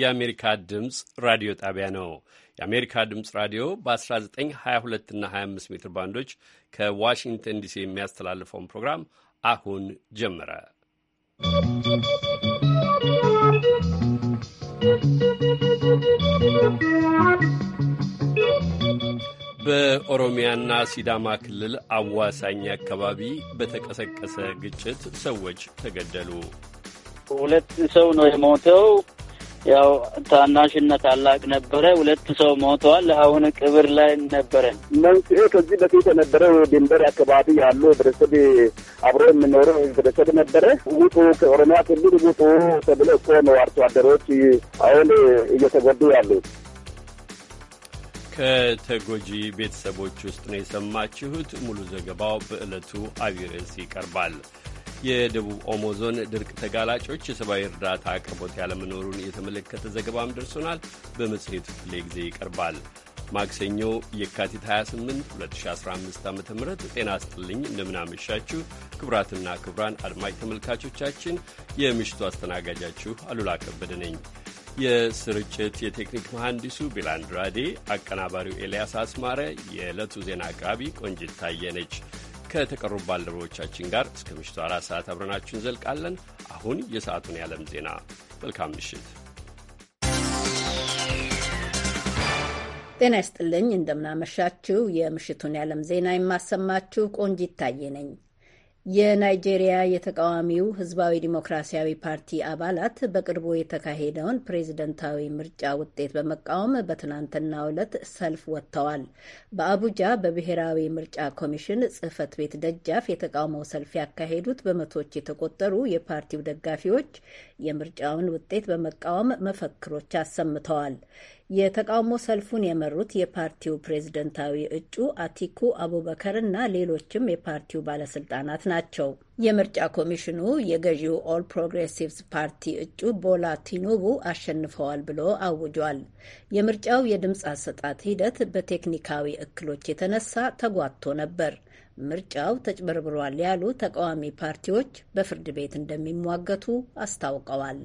የአሜሪካ ድምፅ ራዲዮ ጣቢያ ነው። የአሜሪካ ድምፅ ራዲዮ በ1922 እና 25 ሜትር ባንዶች ከዋሽንግተን ዲሲ የሚያስተላልፈውን ፕሮግራም አሁን ጀመረ። በኦሮሚያና ሲዳማ ክልል አዋሳኝ አካባቢ በተቀሰቀሰ ግጭት ሰዎች ተገደሉ። ሁለት ሰው ነው የሞተው። ያው ታናሽና ታላቅ ነበረ። ሁለት ሰው ሞተዋል። አሁን ቅብር ላይ ነበረን። መንስኤ ከዚህ በፊት የነበረው ድንበር አካባቢ ያሉ ህብረተሰብ አብሮ የምኖረው ህብረተሰብ ነበረ። ውጡ፣ ከኦሮሚያ ክልል ውጡ ተብሎ እኮ ነው አርሶ አደሮች አሁን እየተጎዱ ያሉ። ከተጎጂ ቤተሰቦች ውስጥ ነው የሰማችሁት። ሙሉ ዘገባው በዕለቱ አቢይ ርዕስ ይቀርባል። የደቡብ ኦሞ ዞን ድርቅ ተጋላጮች የሰብአዊ እርዳታ አቅርቦት ያለመኖሩን የተመለከተ ዘገባም ደርሶናል። በመጽሔቱ ክፍለ ጊዜ ይቀርባል። ማክሰኞ የካቲት 28 2015 ዓ ም ጤና ስጥልኝ እንደምናመሻችሁ ክቡራትና ክቡራን አድማጭ ተመልካቾቻችን የምሽቱ አስተናጋጃችሁ አሉላ ከበደ ነኝ። የስርጭት የቴክኒክ መሐንዲሱ ቢላንድራዴ፣ አቀናባሪው ኤልያስ አስማረ፣ የዕለቱ ዜና አቅራቢ ቆንጅት ታየ ነች። ከተቀሩ ባልደረቦቻችን ጋር እስከ ምሽቱ አራት ሰዓት አብረናችሁ እንዘልቃለን። አሁን የሰዓቱን የዓለም ዜና። መልካም ምሽት ጤና ይስጥልኝ። እንደምናመሻችው የምሽቱን የዓለም ዜና የማሰማችሁ ቆንጂት ታዬ ነኝ። የናይጄሪያ የተቃዋሚው ህዝባዊ ዲሞክራሲያዊ ፓርቲ አባላት በቅርቡ የተካሄደውን ፕሬዝደንታዊ ምርጫ ውጤት በመቃወም በትናንትናው ዕለት ሰልፍ ወጥተዋል። በአቡጃ በብሔራዊ ምርጫ ኮሚሽን ጽህፈት ቤት ደጃፍ የተቃውመው ሰልፍ ያካሄዱት በመቶዎች የተቆጠሩ የፓርቲው ደጋፊዎች የምርጫውን ውጤት በመቃወም መፈክሮች አሰምተዋል። የተቃውሞ ሰልፉን የመሩት የፓርቲው ፕሬዝደንታዊ እጩ አቲኩ አቡበከር እና ሌሎችም የፓርቲው ባለስልጣናት ናቸው። የምርጫ ኮሚሽኑ የገዢው ኦል ፕሮግሬሲቭስ ፓርቲ እጩ ቦላ ቲኑቡ አሸንፈዋል ብሎ አውጇል። የምርጫው የድምፅ አሰጣት ሂደት በቴክኒካዊ እክሎች የተነሳ ተጓቶ ነበር። ምርጫው ተጭበርብሯል ያሉ ተቃዋሚ ፓርቲዎች በፍርድ ቤት እንደሚሟገቱ አስታውቀዋል።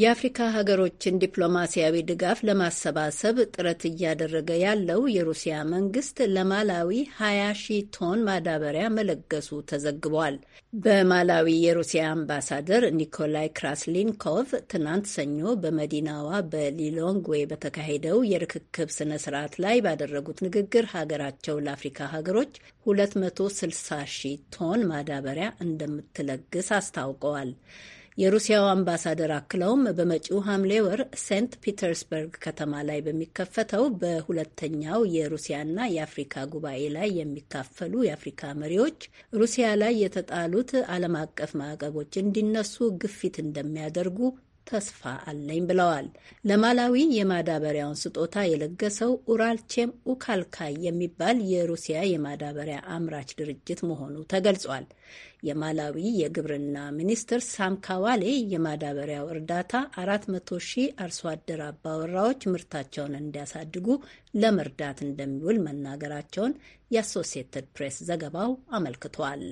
የአፍሪካ ሀገሮችን ዲፕሎማሲያዊ ድጋፍ ለማሰባሰብ ጥረት እያደረገ ያለው የሩሲያ መንግስት ለማላዊ 20 ሺህ ቶን ማዳበሪያ መለገሱ ተዘግቧል። በማላዊ የሩሲያ አምባሳደር ኒኮላይ ክራስሊንኮቭ ትናንት ሰኞ በመዲናዋ በሊሎንግዌ በተካሄደው የርክክብ ስነ ስርዓት ላይ ባደረጉት ንግግር ሀገራቸው ለአፍሪካ ሀገሮች 260 ሺህ ቶን ማዳበሪያ እንደምትለግስ አስታውቀዋል። የሩሲያው አምባሳደር አክለውም በመጪው ሐምሌ ወር ሴንት ፒተርስበርግ ከተማ ላይ በሚከፈተው በሁለተኛው የሩሲያና የአፍሪካ ጉባኤ ላይ የሚካፈሉ የአፍሪካ መሪዎች ሩሲያ ላይ የተጣሉት ዓለም አቀፍ ማዕቀቦች እንዲነሱ ግፊት እንደሚያደርጉ ተስፋ አለኝ ብለዋል። ለማላዊ የማዳበሪያውን ስጦታ የለገሰው ኡራልቼም ኡካልካይ የሚባል የሩሲያ የማዳበሪያ አምራች ድርጅት መሆኑ ተገልጿል። የማላዊ የግብርና ሚኒስትር ካዋሌ የማዳበሪያው እርዳታ አራት መቶ ሺህ አርሶ አደር አባወራዎች ምርታቸውን እንዲያሳድጉ ለመርዳት እንደሚውል መናገራቸውን የአሶሲየትድ ፕሬስ ዘገባው አመልክቷል።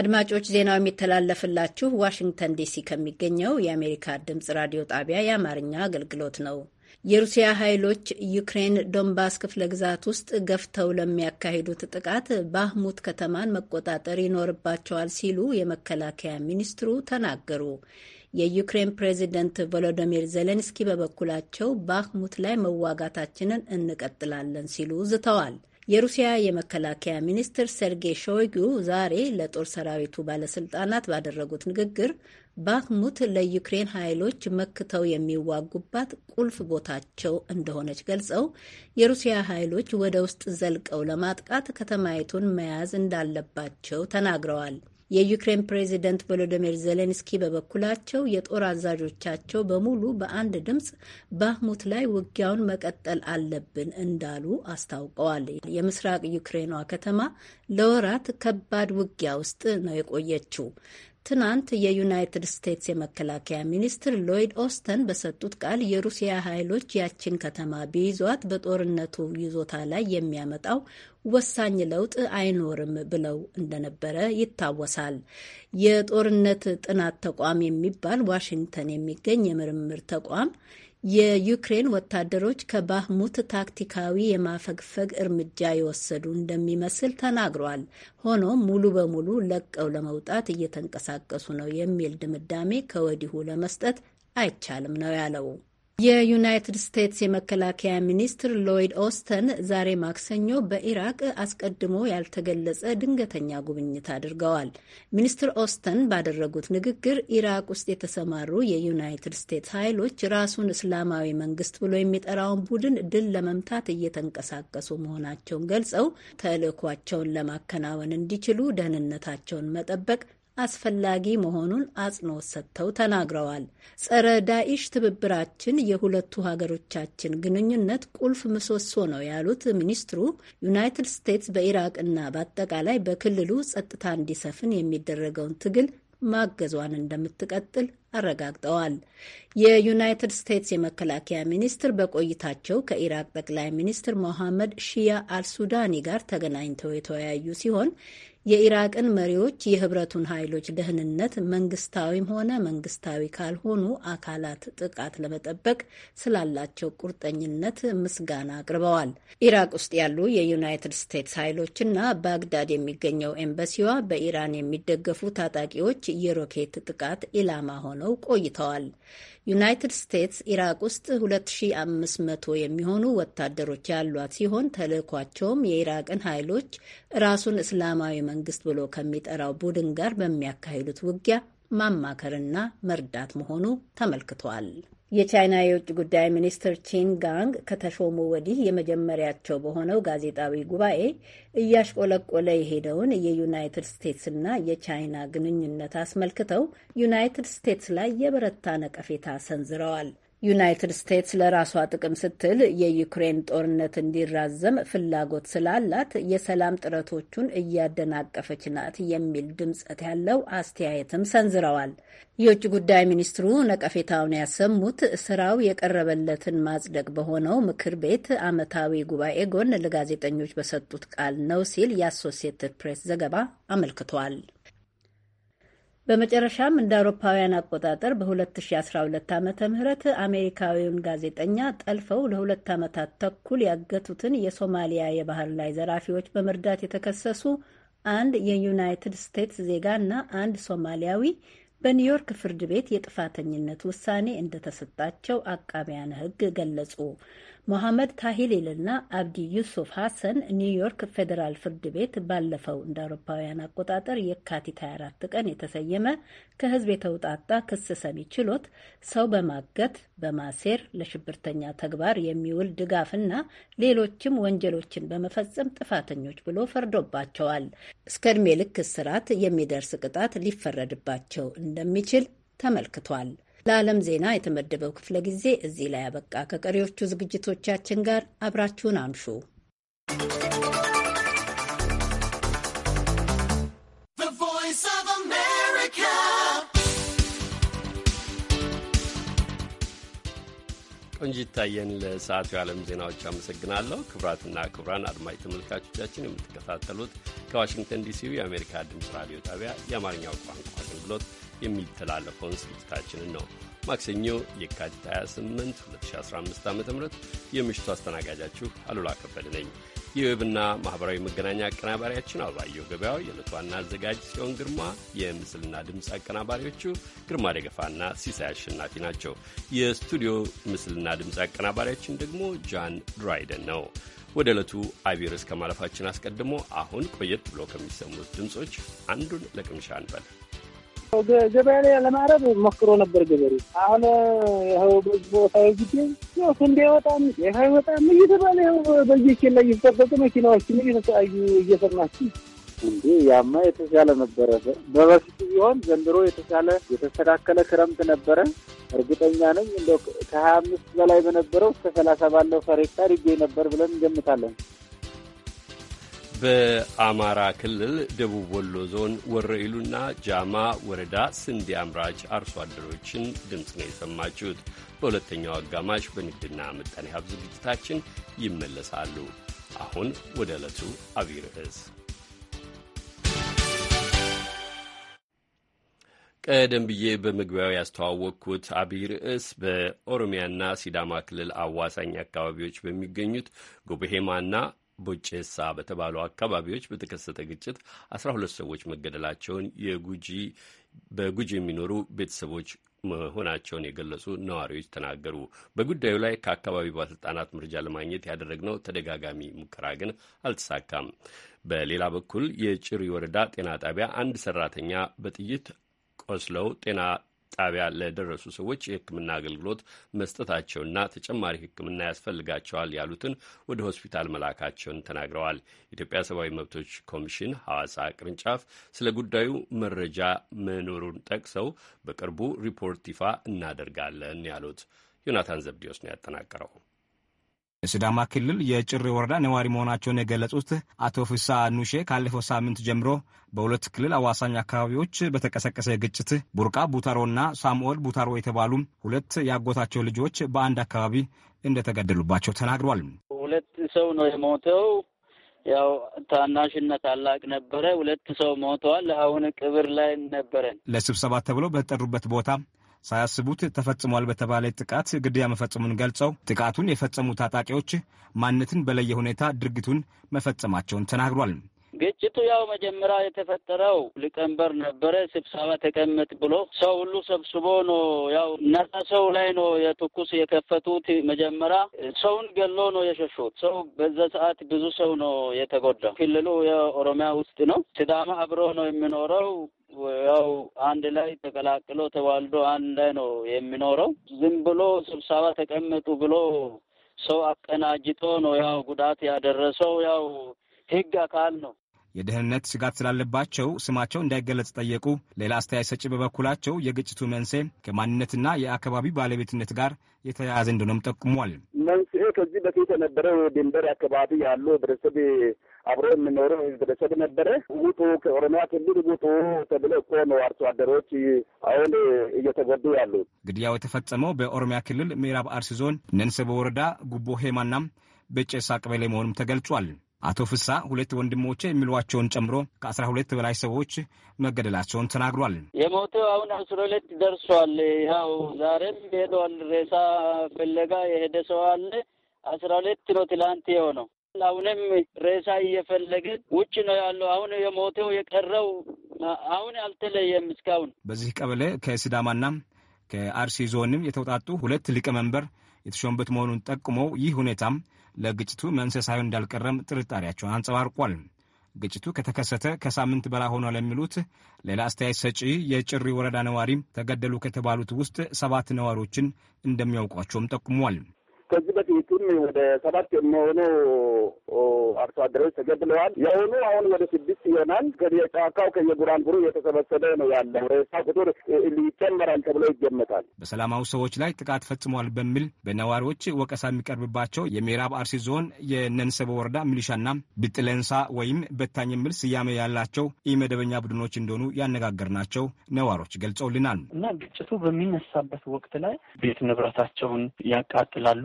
አድማጮች ዜናው የሚተላለፍላችሁ ዋሽንግተን ዲሲ ከሚገኘው የአሜሪካ ድምጽ ራዲዮ ጣቢያ የአማርኛ አገልግሎት ነው። የሩሲያ ኃይሎች ዩክሬን ዶንባስ ክፍለ ግዛት ውስጥ ገፍተው ለሚያካሂዱት ጥቃት ባህሙት ከተማን መቆጣጠር ይኖርባቸዋል ሲሉ የመከላከያ ሚኒስትሩ ተናገሩ። የዩክሬን ፕሬዚደንት ቮሎዶሚር ዜሌንስኪ በበኩላቸው ባህሙት ላይ መዋጋታችንን እንቀጥላለን ሲሉ ዝተዋል። የሩሲያ የመከላከያ ሚኒስትር ሰርጌይ ሾይጉ ዛሬ ለጦር ሰራዊቱ ባለስልጣናት ባደረጉት ንግግር ባክሙት ለዩክሬን ኃይሎች መክተው የሚዋጉባት ቁልፍ ቦታቸው እንደሆነች ገልጸው የሩሲያ ኃይሎች ወደ ውስጥ ዘልቀው ለማጥቃት ከተማይቱን መያዝ እንዳለባቸው ተናግረዋል። የዩክሬን ፕሬዚደንት ቮሎዲሚር ዜሌንስኪ በበኩላቸው የጦር አዛዦቻቸው በሙሉ በአንድ ድምፅ ባህሙት ላይ ውጊያውን መቀጠል አለብን እንዳሉ አስታውቀዋል። የምስራቅ ዩክሬኗ ከተማ ለወራት ከባድ ውጊያ ውስጥ ነው የቆየችው። ትናንት የዩናይትድ ስቴትስ የመከላከያ ሚኒስትር ሎይድ ኦስተን በሰጡት ቃል የሩሲያ ኃይሎች ያችን ከተማ ቢይዟት በጦርነቱ ይዞታ ላይ የሚያመጣው ወሳኝ ለውጥ አይኖርም ብለው እንደነበረ ይታወሳል። የጦርነት ጥናት ተቋም የሚባል ዋሽንግተን የሚገኝ የምርምር ተቋም የዩክሬን ወታደሮች ከባህሙት ታክቲካዊ የማፈግፈግ እርምጃ የወሰዱ እንደሚመስል ተናግሯል። ሆኖም ሙሉ በሙሉ ለቀው ለመውጣት እየተንቀሳቀሱ ነው የሚል ድምዳሜ ከወዲሁ ለመስጠት አይቻልም ነው ያለው። የዩናይትድ ስቴትስ የመከላከያ ሚኒስትር ሎይድ ኦስተን ዛሬ ማክሰኞ በኢራቅ አስቀድሞ ያልተገለጸ ድንገተኛ ጉብኝት አድርገዋል። ሚኒስትር ኦስተን ባደረጉት ንግግር ኢራቅ ውስጥ የተሰማሩ የዩናይትድ ስቴትስ ኃይሎች ራሱን እስላማዊ መንግስት ብሎ የሚጠራውን ቡድን ድል ለመምታት እየተንቀሳቀሱ መሆናቸውን ገልጸው ተልእኳቸውን ለማከናወን እንዲችሉ ደህንነታቸውን መጠበቅ አስፈላጊ መሆኑን አጽንኦት ሰጥተው ተናግረዋል። ጸረ ዳኢሽ ትብብራችን የሁለቱ ሀገሮቻችን ግንኙነት ቁልፍ ምሰሶ ነው ያሉት ሚኒስትሩ ዩናይትድ ስቴትስ በኢራቅ እና በአጠቃላይ በክልሉ ጸጥታ እንዲሰፍን የሚደረገውን ትግል ማገዟን እንደምትቀጥል አረጋግጠዋል። የዩናይትድ ስቴትስ የመከላከያ ሚኒስትር በቆይታቸው ከኢራቅ ጠቅላይ ሚኒስትር ሞሐመድ ሺያ አልሱዳኒ ጋር ተገናኝተው የተወያዩ ሲሆን የኢራቅን መሪዎች የህብረቱን ኃይሎች ደህንነት መንግስታዊም ሆነ መንግስታዊ ካልሆኑ አካላት ጥቃት ለመጠበቅ ስላላቸው ቁርጠኝነት ምስጋና አቅርበዋል። ኢራቅ ውስጥ ያሉ የዩናይትድ ስቴትስ ኃይሎችና ባግዳድ የሚገኘው ኤምባሲዋ በኢራን የሚደገፉ ታጣቂዎች የሮኬት ጥቃት ኢላማ ሆነው ቆይተዋል። ዩናይትድ ስቴትስ ኢራቅ ውስጥ 2500 የሚሆኑ ወታደሮች ያሏት ሲሆን ተልእኳቸውም የኢራቅን ኃይሎች ራሱን እስላማዊ መንግስት ብሎ ከሚጠራው ቡድን ጋር በሚያካሂዱት ውጊያ ማማከርና መርዳት መሆኑ ተመልክቷል። የቻይና የውጭ ጉዳይ ሚኒስትር ቺን ጋንግ ከተሾሙ ወዲህ የመጀመሪያቸው በሆነው ጋዜጣዊ ጉባኤ እያሽቆለቆለ የሄደውን የዩናይትድ ስቴትስና የቻይና ግንኙነት አስመልክተው ዩናይትድ ስቴትስ ላይ የበረታ ነቀፌታ ሰንዝረዋል። ዩናይትድ ስቴትስ ለራሷ ጥቅም ስትል የዩክሬን ጦርነት እንዲራዘም ፍላጎት ስላላት የሰላም ጥረቶቹን እያደናቀፈች ናት የሚል ድምጸት ያለው አስተያየትም ሰንዝረዋል። የውጭ ጉዳይ ሚኒስትሩ ነቀፌታውን ያሰሙት ስራው የቀረበለትን ማጽደቅ በሆነው ምክር ቤት ዓመታዊ ጉባኤ ጎን ለጋዜጠኞች በሰጡት ቃል ነው ሲል የአሶሲየትድ ፕሬስ ዘገባ አመልክቷል። በመጨረሻም እንደ አውሮፓውያን አቆጣጠር በ2012 ዓ ም አሜሪካዊውን ጋዜጠኛ ጠልፈው ለሁለት ዓመታት ተኩል ያገቱትን የሶማሊያ የባህር ላይ ዘራፊዎች በመርዳት የተከሰሱ አንድ የዩናይትድ ስቴትስ ዜጋ እና አንድ ሶማሊያዊ በኒውዮርክ ፍርድ ቤት የጥፋተኝነት ውሳኔ እንደተሰጣቸው አቃቢያነ ሕግ ገለጹ። መሐመድ ታሂሌልና አብዲ ዩሱፍ ሐሰን ኒውዮርክ ፌዴራል ፍርድ ቤት ባለፈው እንደ አውሮፓውያን አቆጣጠር የካቲት 24 ቀን የተሰየመ ከህዝብ የተውጣጣ ክስ ሰሚ ችሎት ሰው በማገት በማሴር ለሽብርተኛ ተግባር የሚውል ድጋፍና ሌሎችም ወንጀሎችን በመፈጸም ጥፋተኞች ብሎ ፈርዶባቸዋል። እስከ ዕድሜ ልክ እስራት የሚደርስ ቅጣት ሊፈረድባቸው እንደሚችል ተመልክቷል። ለዓለም ዜና የተመደበው ክፍለ ጊዜ እዚህ ላይ ያበቃ። ከቀሪዎቹ ዝግጅቶቻችን ጋር አብራችሁን አምሹ። ይታየን ለሰዓቱ የዓለም ዜናዎች አመሰግናለሁ። ክቡራትና ክቡራን አድማጭ ተመልካቾቻችን የምትከታተሉት ከዋሽንግተን ዲሲው የአሜሪካ ድምፅ ራዲዮ ጣቢያ የአማርኛው ቋንቋ አገልግሎት የሚተላለፈውን ስርጭታችንን ነው። ማክሰኞ የካቲት 28 2015 ዓ ም የምሽቱ አስተናጋጃችሁ አሉላ ከበደ ነኝ። የዌብና ማኅበራዊ መገናኛ አቀናባሪያችን አባየሁ ገበያው፣ የዕለቱ ዋና አዘጋጅ ጽዮን ግርማ፣ የምስልና ድምፅ አቀናባሪዎቹ ግርማ ደገፋና ሲሳይ አሸናፊ ናቸው። የስቱዲዮ ምስልና ድምፅ አቀናባሪያችን ደግሞ ጃን ድራይደን ነው። ወደ ዕለቱ አቢርስ ከማለፋችን አስቀድሞ አሁን ቆየት ብሎ ከሚሰሙት ድምፆች አንዱን ለቅምሻ እንበል። ገበያ ላይ ለማረብ ሞክሮ ነበር ገበሬ። አሁን ይኸው በዚህ ቦታ ጊዜ ያው ስንዴ አይወጣም ጤፍ አይወጣም እየተባለ ይኸው በየኬላ ላይ እየተጠበቁ መኪናዎችን እየተሰቃዩ እየሰማችን እንዴ ያማ የተሻለ ነበረ። በበፊቱ ቢሆን ዘንድሮ የተሻለ የተስተካከለ ክረምት ነበረ። እርግጠኛ ነኝ እንደ ከሀያ አምስት በላይ በነበረው እስከ ሰላሳ ባለው ፈሬታ ሪጌ ነበር ብለን እንገምታለን። በአማራ ክልል ደቡብ ወሎ ዞን ወረኢሉና ጃማ ወረዳ ስንዴ አምራች አርሶ አደሮችን ድምፅ ነው የሰማችሁት። በሁለተኛው አጋማሽ በንግድና ምጣኔ ሀብት ዝግጅታችን ይመለሳሉ። አሁን ወደ ዕለቱ አብይ ርዕስ ቀደም ብዬ በመግቢያው ያስተዋወቅኩት አብይ ርዕስ በኦሮሚያና ሲዳማ ክልል አዋሳኝ አካባቢዎች በሚገኙት ጎበሄማና ቦቼሳ በተባሉ አካባቢዎች በተከሰተ ግጭት አስራ ሁለት ሰዎች መገደላቸውን የጉጂ በጉጂ የሚኖሩ ቤተሰቦች መሆናቸውን የገለጹ ነዋሪዎች ተናገሩ። በጉዳዩ ላይ ከአካባቢ ባለስልጣናት መረጃ ለማግኘት ያደረግነው ተደጋጋሚ ሙከራ ግን አልተሳካም። በሌላ በኩል የጭሪ ወረዳ ጤና ጣቢያ አንድ ሰራተኛ በጥይት ቆስለው ጤና ጣቢያ ለደረሱ ሰዎች የሕክምና አገልግሎት መስጠታቸውና ተጨማሪ ሕክምና ያስፈልጋቸዋል ያሉትን ወደ ሆስፒታል መላካቸውን ተናግረዋል። የኢትዮጵያ ሰብአዊ መብቶች ኮሚሽን ሐዋሳ ቅርንጫፍ ስለ ጉዳዩ መረጃ መኖሩን ጠቅሰው በቅርቡ ሪፖርት ይፋ እናደርጋለን ያሉት ዮናታን ዘብዲዮስ ነው ያጠናቀረው። የሲዳማ ክልል የጭሪ ወረዳ ነዋሪ መሆናቸውን የገለጹት አቶ ፍሳ ኑሼ ካለፈው ሳምንት ጀምሮ በሁለት ክልል አዋሳኝ አካባቢዎች በተቀሰቀሰ ግጭት ቡርቃ ቡታሮና ሳሙኤል ቡታሮ የተባሉ ሁለት ያጎታቸው ልጆች በአንድ አካባቢ እንደተገደሉባቸው ተናግሯል። ሁለት ሰው ነው የሞተው። ያው ታናሽና ታላቅ ነበረ። ሁለት ሰው ሞተዋል። አሁን ቅብር ላይ ነበረን። ለስብሰባ ተብሎ በተጠሩበት ቦታ ሳያስቡት ተፈጽሟል በተባለ ጥቃት ግድያ መፈጸሙን ገልጸው ጥቃቱን የፈጸሙ ታጣቂዎች ማንነትን በለየ ሁኔታ ድርጊቱን መፈጸማቸውን ተናግሯል። ግጭቱ ያው መጀመሪያ የተፈጠረው ሊቀመንበር ነበረ ስብሰባ ተቀመጥ ብሎ ሰው ሁሉ ሰብስቦ ነው ያው ነጻ ሰው ላይ ነው የትኩስ የከፈቱት። መጀመሪያ ሰውን ገሎ ነው የሸሹት። ሰው በዛ ሰዓት ብዙ ሰው ነው የተጎዳው። ክልሉ የኦሮሚያ ውስጥ ነው። ሲዳማ አብሮ ነው የሚኖረው ያው አንድ ላይ ተቀላቅሎ ተዋልዶ አንድ ላይ ነው የሚኖረው። ዝም ብሎ ስብሰባ ተቀመጡ ብሎ ሰው አቀናጅቶ ነው ያው ጉዳት ያደረሰው ያው ህግ አካል ነው የደህንነት ስጋት ስላለባቸው ስማቸው እንዳይገለጽ ጠየቁ። ሌላ አስተያየት ሰጪ በበኩላቸው የግጭቱ መንስኤ ከማንነትና የአካባቢ ባለቤትነት ጋር የተያያዘ እንደሆነም ጠቁሟል። መንስኤ ከዚህ በፊት የነበረው ድንበር አካባቢ ያሉ ህብረተሰብ አብሮ የሚኖረው ህብረተሰብ ነበረ። ውጡ፣ ከኦሮሚያ ክልል ውጡ ተብለ እኮ ነው አርሶ አደሮች አሁን እየተጎዱ ያሉ። ግድያው የተፈጸመው በኦሮሚያ ክልል ምዕራብ አርሲ ዞን ነንሰበ ወረዳ ጉቦ ሄማና በጨሳ ቀበሌ መሆኑም ተገልጿል። አቶ ፍሳ ሁለት ወንድሞቼ የሚሏቸውን ጨምሮ ከአስራ ሁለት በላይ ሰዎች መገደላቸውን ተናግሯል። የሞተው አሁን አስራ ሁለት ደርሷል። ያው ዛሬም ሄደዋል። ሬሳ ፍለጋ የሄደ ሰው አለ። አስራ ሁለት ነው ትላንት የሆነው። አሁንም ሬሳ እየፈለግን ውጭ ነው ያለው። አሁን የሞተው የቀረው አሁን አልተለየም እስካሁን። በዚህ ቀበሌ ከሲዳማና ከአርሲ ዞንም የተውጣጡ ሁለት ሊቀመንበር የተሾሙበት መሆኑን ጠቁመው ይህ ሁኔታም ለግጭቱ መንስኤ ሳይሆን እንዳልቀረም ጥርጣሬያቸውን አንጸባርቋል። ግጭቱ ከተከሰተ ከሳምንት በላይ ሆኗል የሚሉት ሌላ አስተያየት ሰጪ የጭሪ ወረዳ ነዋሪ ተገደሉ ከተባሉት ውስጥ ሰባት ነዋሪዎችን እንደሚያውቋቸውም ጠቁሟል። ከዚህ በፊቱም ወደ ሰባት የሚሆኑ አርሶ አደሮች ተገድለዋል። የሆኑ አሁን ወደ ስድስት ይሆናል። ከየጫካው ከየጉራንጉሩ የተሰበሰበ ነው ያለው። ሬሳ ቁጥር ይጨመራል ተብሎ ይገመታል። በሰላማዊ ሰዎች ላይ ጥቃት ፈጽሟል በሚል በነዋሪዎች ወቀሳ የሚቀርብባቸው የምዕራብ አርሲ ዞን የነንሰበ ወረዳ ሚሊሻና ብጥለንሳ ወይም በታኝ የሚል ስያሜ ያላቸው ኢመደበኛ ቡድኖች እንደሆኑ ያነጋገርናቸው ነዋሪዎች ገልጸውልናል። እና ግጭቱ በሚነሳበት ወቅት ላይ ቤት ንብረታቸውን ያቃጥላሉ።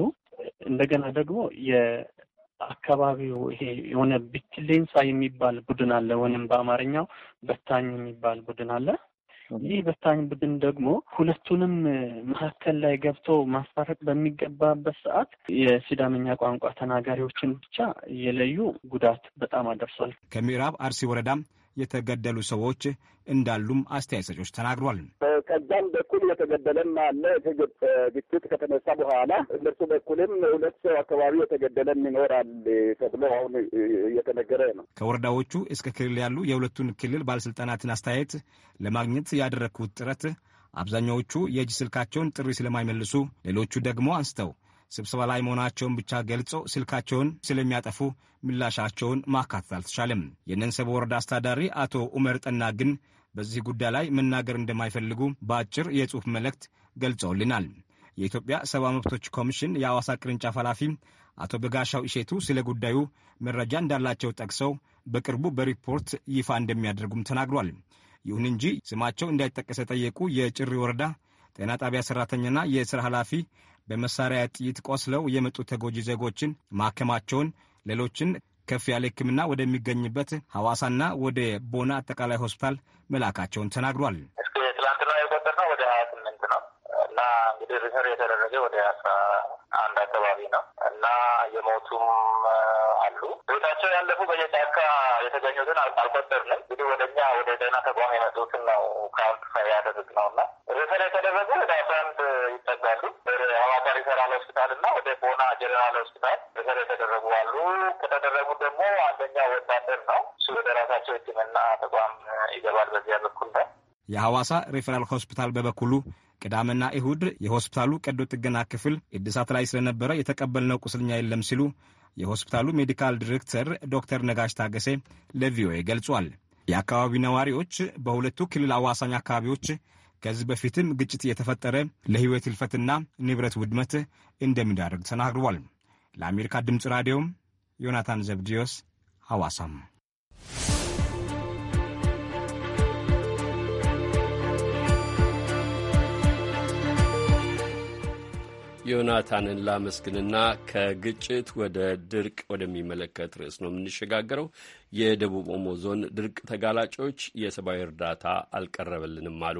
እንደገና ደግሞ የአካባቢው ይሄ የሆነ ብችሌንሳ የሚባል ቡድን አለ፣ ወይም በአማርኛው በታኝ የሚባል ቡድን አለ። ይህ በታኝ ቡድን ደግሞ ሁለቱንም መካከል ላይ ገብቶ ማስታረቅ በሚገባበት ሰዓት የሲዳመኛ ቋንቋ ተናጋሪዎችን ብቻ የለዩ ጉዳት በጣም አደርሷል። ከምዕራብ አርሲ ወረዳም የተገደሉ ሰዎች እንዳሉም አስተያየት ሰጮች ተናግሯል። ከዛም በኩል የተገደለም አለ። ግጭት ከተነሳ በኋላ እነሱ በኩልም ሁለት ሰው አካባቢ የተገደለም ይኖራል ተብሎ አሁን እየተነገረ ነው። ከወረዳዎቹ እስከ ክልል ያሉ የሁለቱን ክልል ባለስልጣናትን አስተያየት ለማግኘት ያደረግኩት ጥረት አብዛኛዎቹ የእጅ ስልካቸውን ጥሪ ስለማይመልሱ፣ ሌሎቹ ደግሞ አንስተው ስብሰባ ላይ መሆናቸውን ብቻ ገልጾ ስልካቸውን ስለሚያጠፉ ምላሻቸውን ማካተት አልተቻለም። የነንሰቦ ወረዳ አስተዳዳሪ አቶ ኡመር ጠና ግን በዚህ ጉዳይ ላይ መናገር እንደማይፈልጉ በአጭር የጽሑፍ መልእክት ገልጸውልናል። የኢትዮጵያ ሰብአዊ መብቶች ኮሚሽን የአዋሳ ቅርንጫፍ ኃላፊ አቶ በጋሻው እሼቱ ስለ ጉዳዩ መረጃ እንዳላቸው ጠቅሰው በቅርቡ በሪፖርት ይፋ እንደሚያደርጉም ተናግሯል። ይሁን እንጂ ስማቸው እንዳይጠቀስ የጠየቁ የጭሪ ወረዳ ጤና ጣቢያ ሰራተኛና የሥራ ኃላፊ በመሳሪያ ጥይት ቆስለው የመጡ ተጎጂ ዜጎችን ማከማቸውን፣ ሌሎችን ከፍ ያለ ሕክምና ወደሚገኝበት ሐዋሳና ወደ ቦና አጠቃላይ ሆስፒታል መላካቸውን ተናግሯል። ትላንትና የቆጠርነው ወደ ሀያ ስምንት ነው እና እንግዲህ ሪፈር የተደረገ ወደ አስራ አንድ አካባቢ ነው እና የሞቱም አሉ። ቤታቸው ያለፉ በየጫካ የተገኙትን አልቆጠርንም። እንግዲህ ወደ እኛ ወደ ጤና ተቋም የመጡትን ነው ካውንት ያደረግነው እና ሪፈር የተደረገ ወደ አስራ አንድ ቦና ጀነራል ሆስፒታል እስር የተደረጉ አሉ። ከተደረጉት ደግሞ አንደኛ ወታደር ነው። እሱ ወደ ራሳቸው ሕክምና ተቋም ይገባል። በዚያ በኩል ነው። የሐዋሳ ሪፈራል ሆስፒታል በበኩሉ ቅዳምና እሁድ የሆስፒታሉ ቀዶ ጥገና ክፍል እድሳት ላይ ስለነበረ የተቀበልነው ቁስልኛ የለም ሲሉ የሆስፒታሉ ሜዲካል ዲሬክተር ዶክተር ነጋሽ ታገሴ ለቪኦኤ ገልጿል። የአካባቢው ነዋሪዎች በሁለቱ ክልል አዋሳኝ አካባቢዎች ከዚህ በፊትም ግጭት የተፈጠረ ለህይወት ህልፈትና ንብረት ውድመት እንደሚዳርግ ተናግሯል። ለአሜሪካ ድምፅ ራዲዮም ዮናታን ዘብዲዮስ ሐዋሳም ዮናታንን ላመስግንና ከግጭት ወደ ድርቅ ወደሚመለከት ርዕስ ነው የምንሸጋገረው። የደቡብ ኦሞ ዞን ድርቅ ተጋላጮች የሰብአዊ እርዳታ አልቀረበልንም አሉ።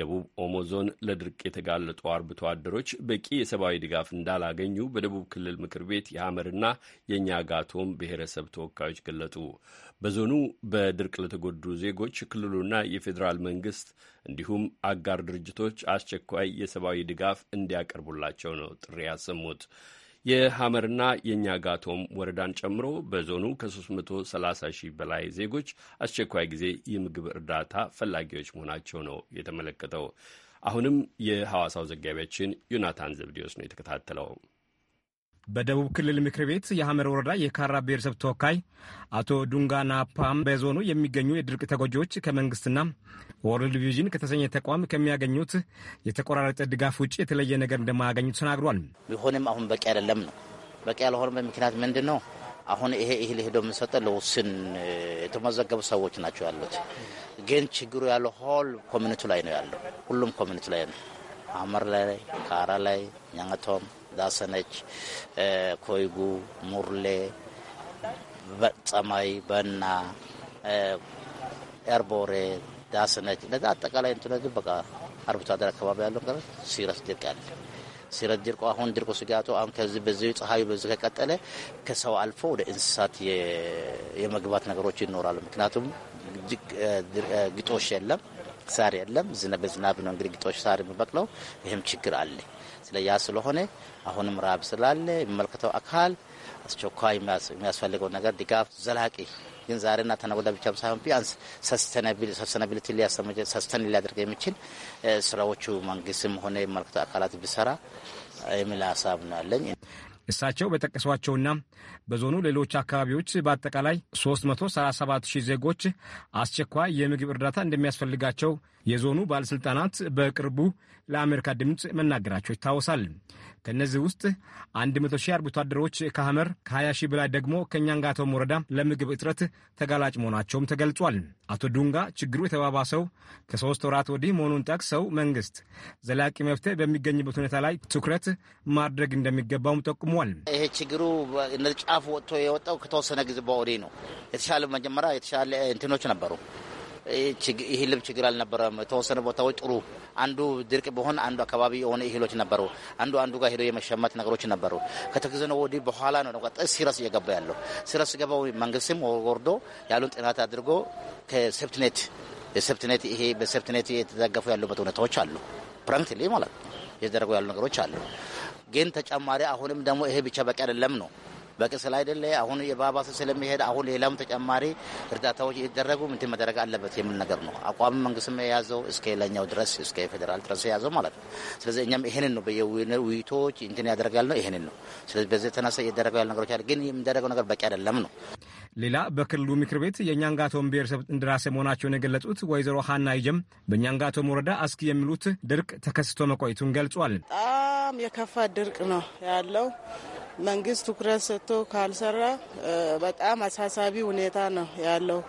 ደቡብ ኦሞ ዞን ለድርቅ የተጋለጡ አርብቶ አደሮች በቂ የሰብአዊ ድጋፍ እንዳላገኙ በደቡብ ክልል ምክር ቤት የሐመርና የኛጋቶም ብሔረሰብ ተወካዮች ገለጡ። በዞኑ በድርቅ ለተጎዱ ዜጎች ክልሉና የፌዴራል መንግስት እንዲሁም አጋር ድርጅቶች አስቸኳይ የሰብአዊ ድጋፍ እንዲያቀርቡላቸው ነው ጥሪ ያሰሙት። የሐመርና የኛጋቶም ወረዳን ጨምሮ በዞኑ ከ330 ሺህ በላይ ዜጎች አስቸኳይ ጊዜ የምግብ እርዳታ ፈላጊዎች መሆናቸው ነው የተመለከተው። አሁንም የሐዋሳው ዘጋቢያችን ዮናታን ዘብዴዎስ ነው የተከታተለው። በደቡብ ክልል ምክር ቤት የሐመር ወረዳ የካራ ብሔረሰብ ተወካይ አቶ ዱንጋ ናፓም በዞኑ የሚገኙ የድርቅ ተጎጂዎች ከመንግስትና ወርልድ ቪዥን ከተሰኘ ተቋም ከሚያገኙት የተቆራረጠ ድጋፍ ውጭ የተለየ ነገር እንደማያገኙ ተናግሯል። ቢሆንም አሁን በቂ አይደለም ነው። በቂ ያልሆነበት ምክንያት ምንድን ነው? አሁን ይሄ እህል ሄዶ የምንሰጠ ለውስን የተመዘገቡ ሰዎች ናቸው ያሉት። ግን ችግሩ ያለው ሆል ኮሚኒቲ ላይ ነው ያለው። ሁሉም ኮሚኒቲ ላይ ነው። ሐመር ላይ፣ ካራ ላይ፣ ኛቶም ዳሰነች፣ ኮይጉ፣ ሙርሌ፣ ጸማይ፣ በና፣ ኤርቦሬ፣ ዳሰነች እነዚ አጠቃላይ እንትነ በቃ አርብቶ አደር አካባቢ ያለው ቀረ ሲረስ ድርቅ ያለ ሲረት ድርቆ አሁን ድርቆ ስጋጡ አሁን ከዚህ በዚህ ፀሐዩ በዚህ ከቀጠለ ከሰው አልፎ ወደ እንስሳት የመግባት ነገሮች ይኖራሉ። ምክንያቱም ግጦሽ የለም፣ ሳር የለም። በዝናብ ነው እንግዲህ ግጦሽ ሳር የሚበቅለው። ይህም ችግር አለ። ስለያ ስለሆነ አሁንም ረሃብ ስላለ የሚመለከተው አካል አስቸኳይ የሚያስፈልገው ነገር ድጋፍ ዘላቂ ግን ዛሬና ተነጎዳ ብቻ ሳይሆን ቢያንስ ሰስተናቢሊቲ ሰስተን ሊያደርግ የሚችል ስራዎቹ መንግስትም ሆነ የሚመለከተው አካላት ቢሰራ የሚል ሀሳብ ነው ያለኝ። እሳቸው በጠቀሷቸውና በዞኑ ሌሎች አካባቢዎች በአጠቃላይ 337 ሺህ ዜጎች አስቸኳይ የምግብ እርዳታ እንደሚያስፈልጋቸው የዞኑ ባለሥልጣናት በቅርቡ ለአሜሪካ ድምፅ መናገራቸው ይታወሳል። ከእነዚህ ውስጥ 100 ሺህ አርብቶ አደሮች ከሐመር ከ20 ሺህ በላይ ደግሞ ከኛንጋቶም ወረዳ ለምግብ እጥረት ተጋላጭ መሆናቸውም ተገልጿል። አቶ ዱንጋ ችግሩ የተባባሰው ከሶስት ወራት ወዲህ መሆኑን ጠቅሰው መንግስት ዘላቂ መፍትሄ በሚገኝበት ሁኔታ ላይ ትኩረት ማድረግ እንደሚገባውም ጠቁሟል። ይሄ ችግሩ ጫፍ ወጥቶ የወጣው ከተወሰነ ጊዜ በወዲህ ነው። የተሻለ መጀመሪያ የተሻለ እንትኖች ነበሩ ይህ ልብ ችግር አልነበረም። የተወሰኑ ቦታዎች ጥሩ አንዱ ድርቅ በሆን አንዱ አካባቢ የሆነ እህሎች ነበሩ። አንዱ አንዱ ጋር ሄዶ የመሸመት ነገሮች ነበሩ። ከተከዘነ ወዲህ በኋላ ነው ነው ሲረስ እየገባ ያለው ሲረስ ገባው መንግስትም ወርዶ ያሉን ጥናት አድርጎ ከሴፕትኔት የሴፕትኔት ይሄ በሴፕትኔት የተደገፉ ያሉበት ሁኔታዎች አሉ። ፕረምት ላይ ማለት ነው የተደረጉ ያሉ ነገሮች አሉ። ግን ተጨማሪ አሁንም ደግሞ ይሄ ብቻ በቂ አይደለም ነው በቂ ስላይደለ አሁን የባባሰ ስለሚሄድ አሁን ሌላም ተጨማሪ እርዳታዎች ይደረጉ ምንትን መደረግ አለበት የሚል ነገር ነው አቋም መንግስት የያዘው እስከ ላኛው ድረስ እስከ ፌዴራል ድረስ የያዘው ማለት ነው። ስለዚህ እኛም ይህንን ነው በየውይይቶች እንትን ያደርጋል ነው ይሄንን ነው። ስለዚህ በዚህ የተነሳ እየደረገው ያለ ነገሮች አለ፣ ግን የሚደረገው ነገር በቂ አይደለም ነው። ሌላ በክልሉ ምክር ቤት የኛንጋቶም ብሔረሰብ እንደራሴ መሆናቸውን የገለጹት ወይዘሮ ሀና ይጀም በኛንጋቶም ወረዳ አስኪ የሚሉት ድርቅ ተከስቶ መቆየቱን ገልጿል። በጣም የከፋ ድርቅ ነው ያለው መንግስት ትኩረት ሰጥቶ ካልሰራ በጣም አሳሳቢ ሁኔታ ነው ያለው።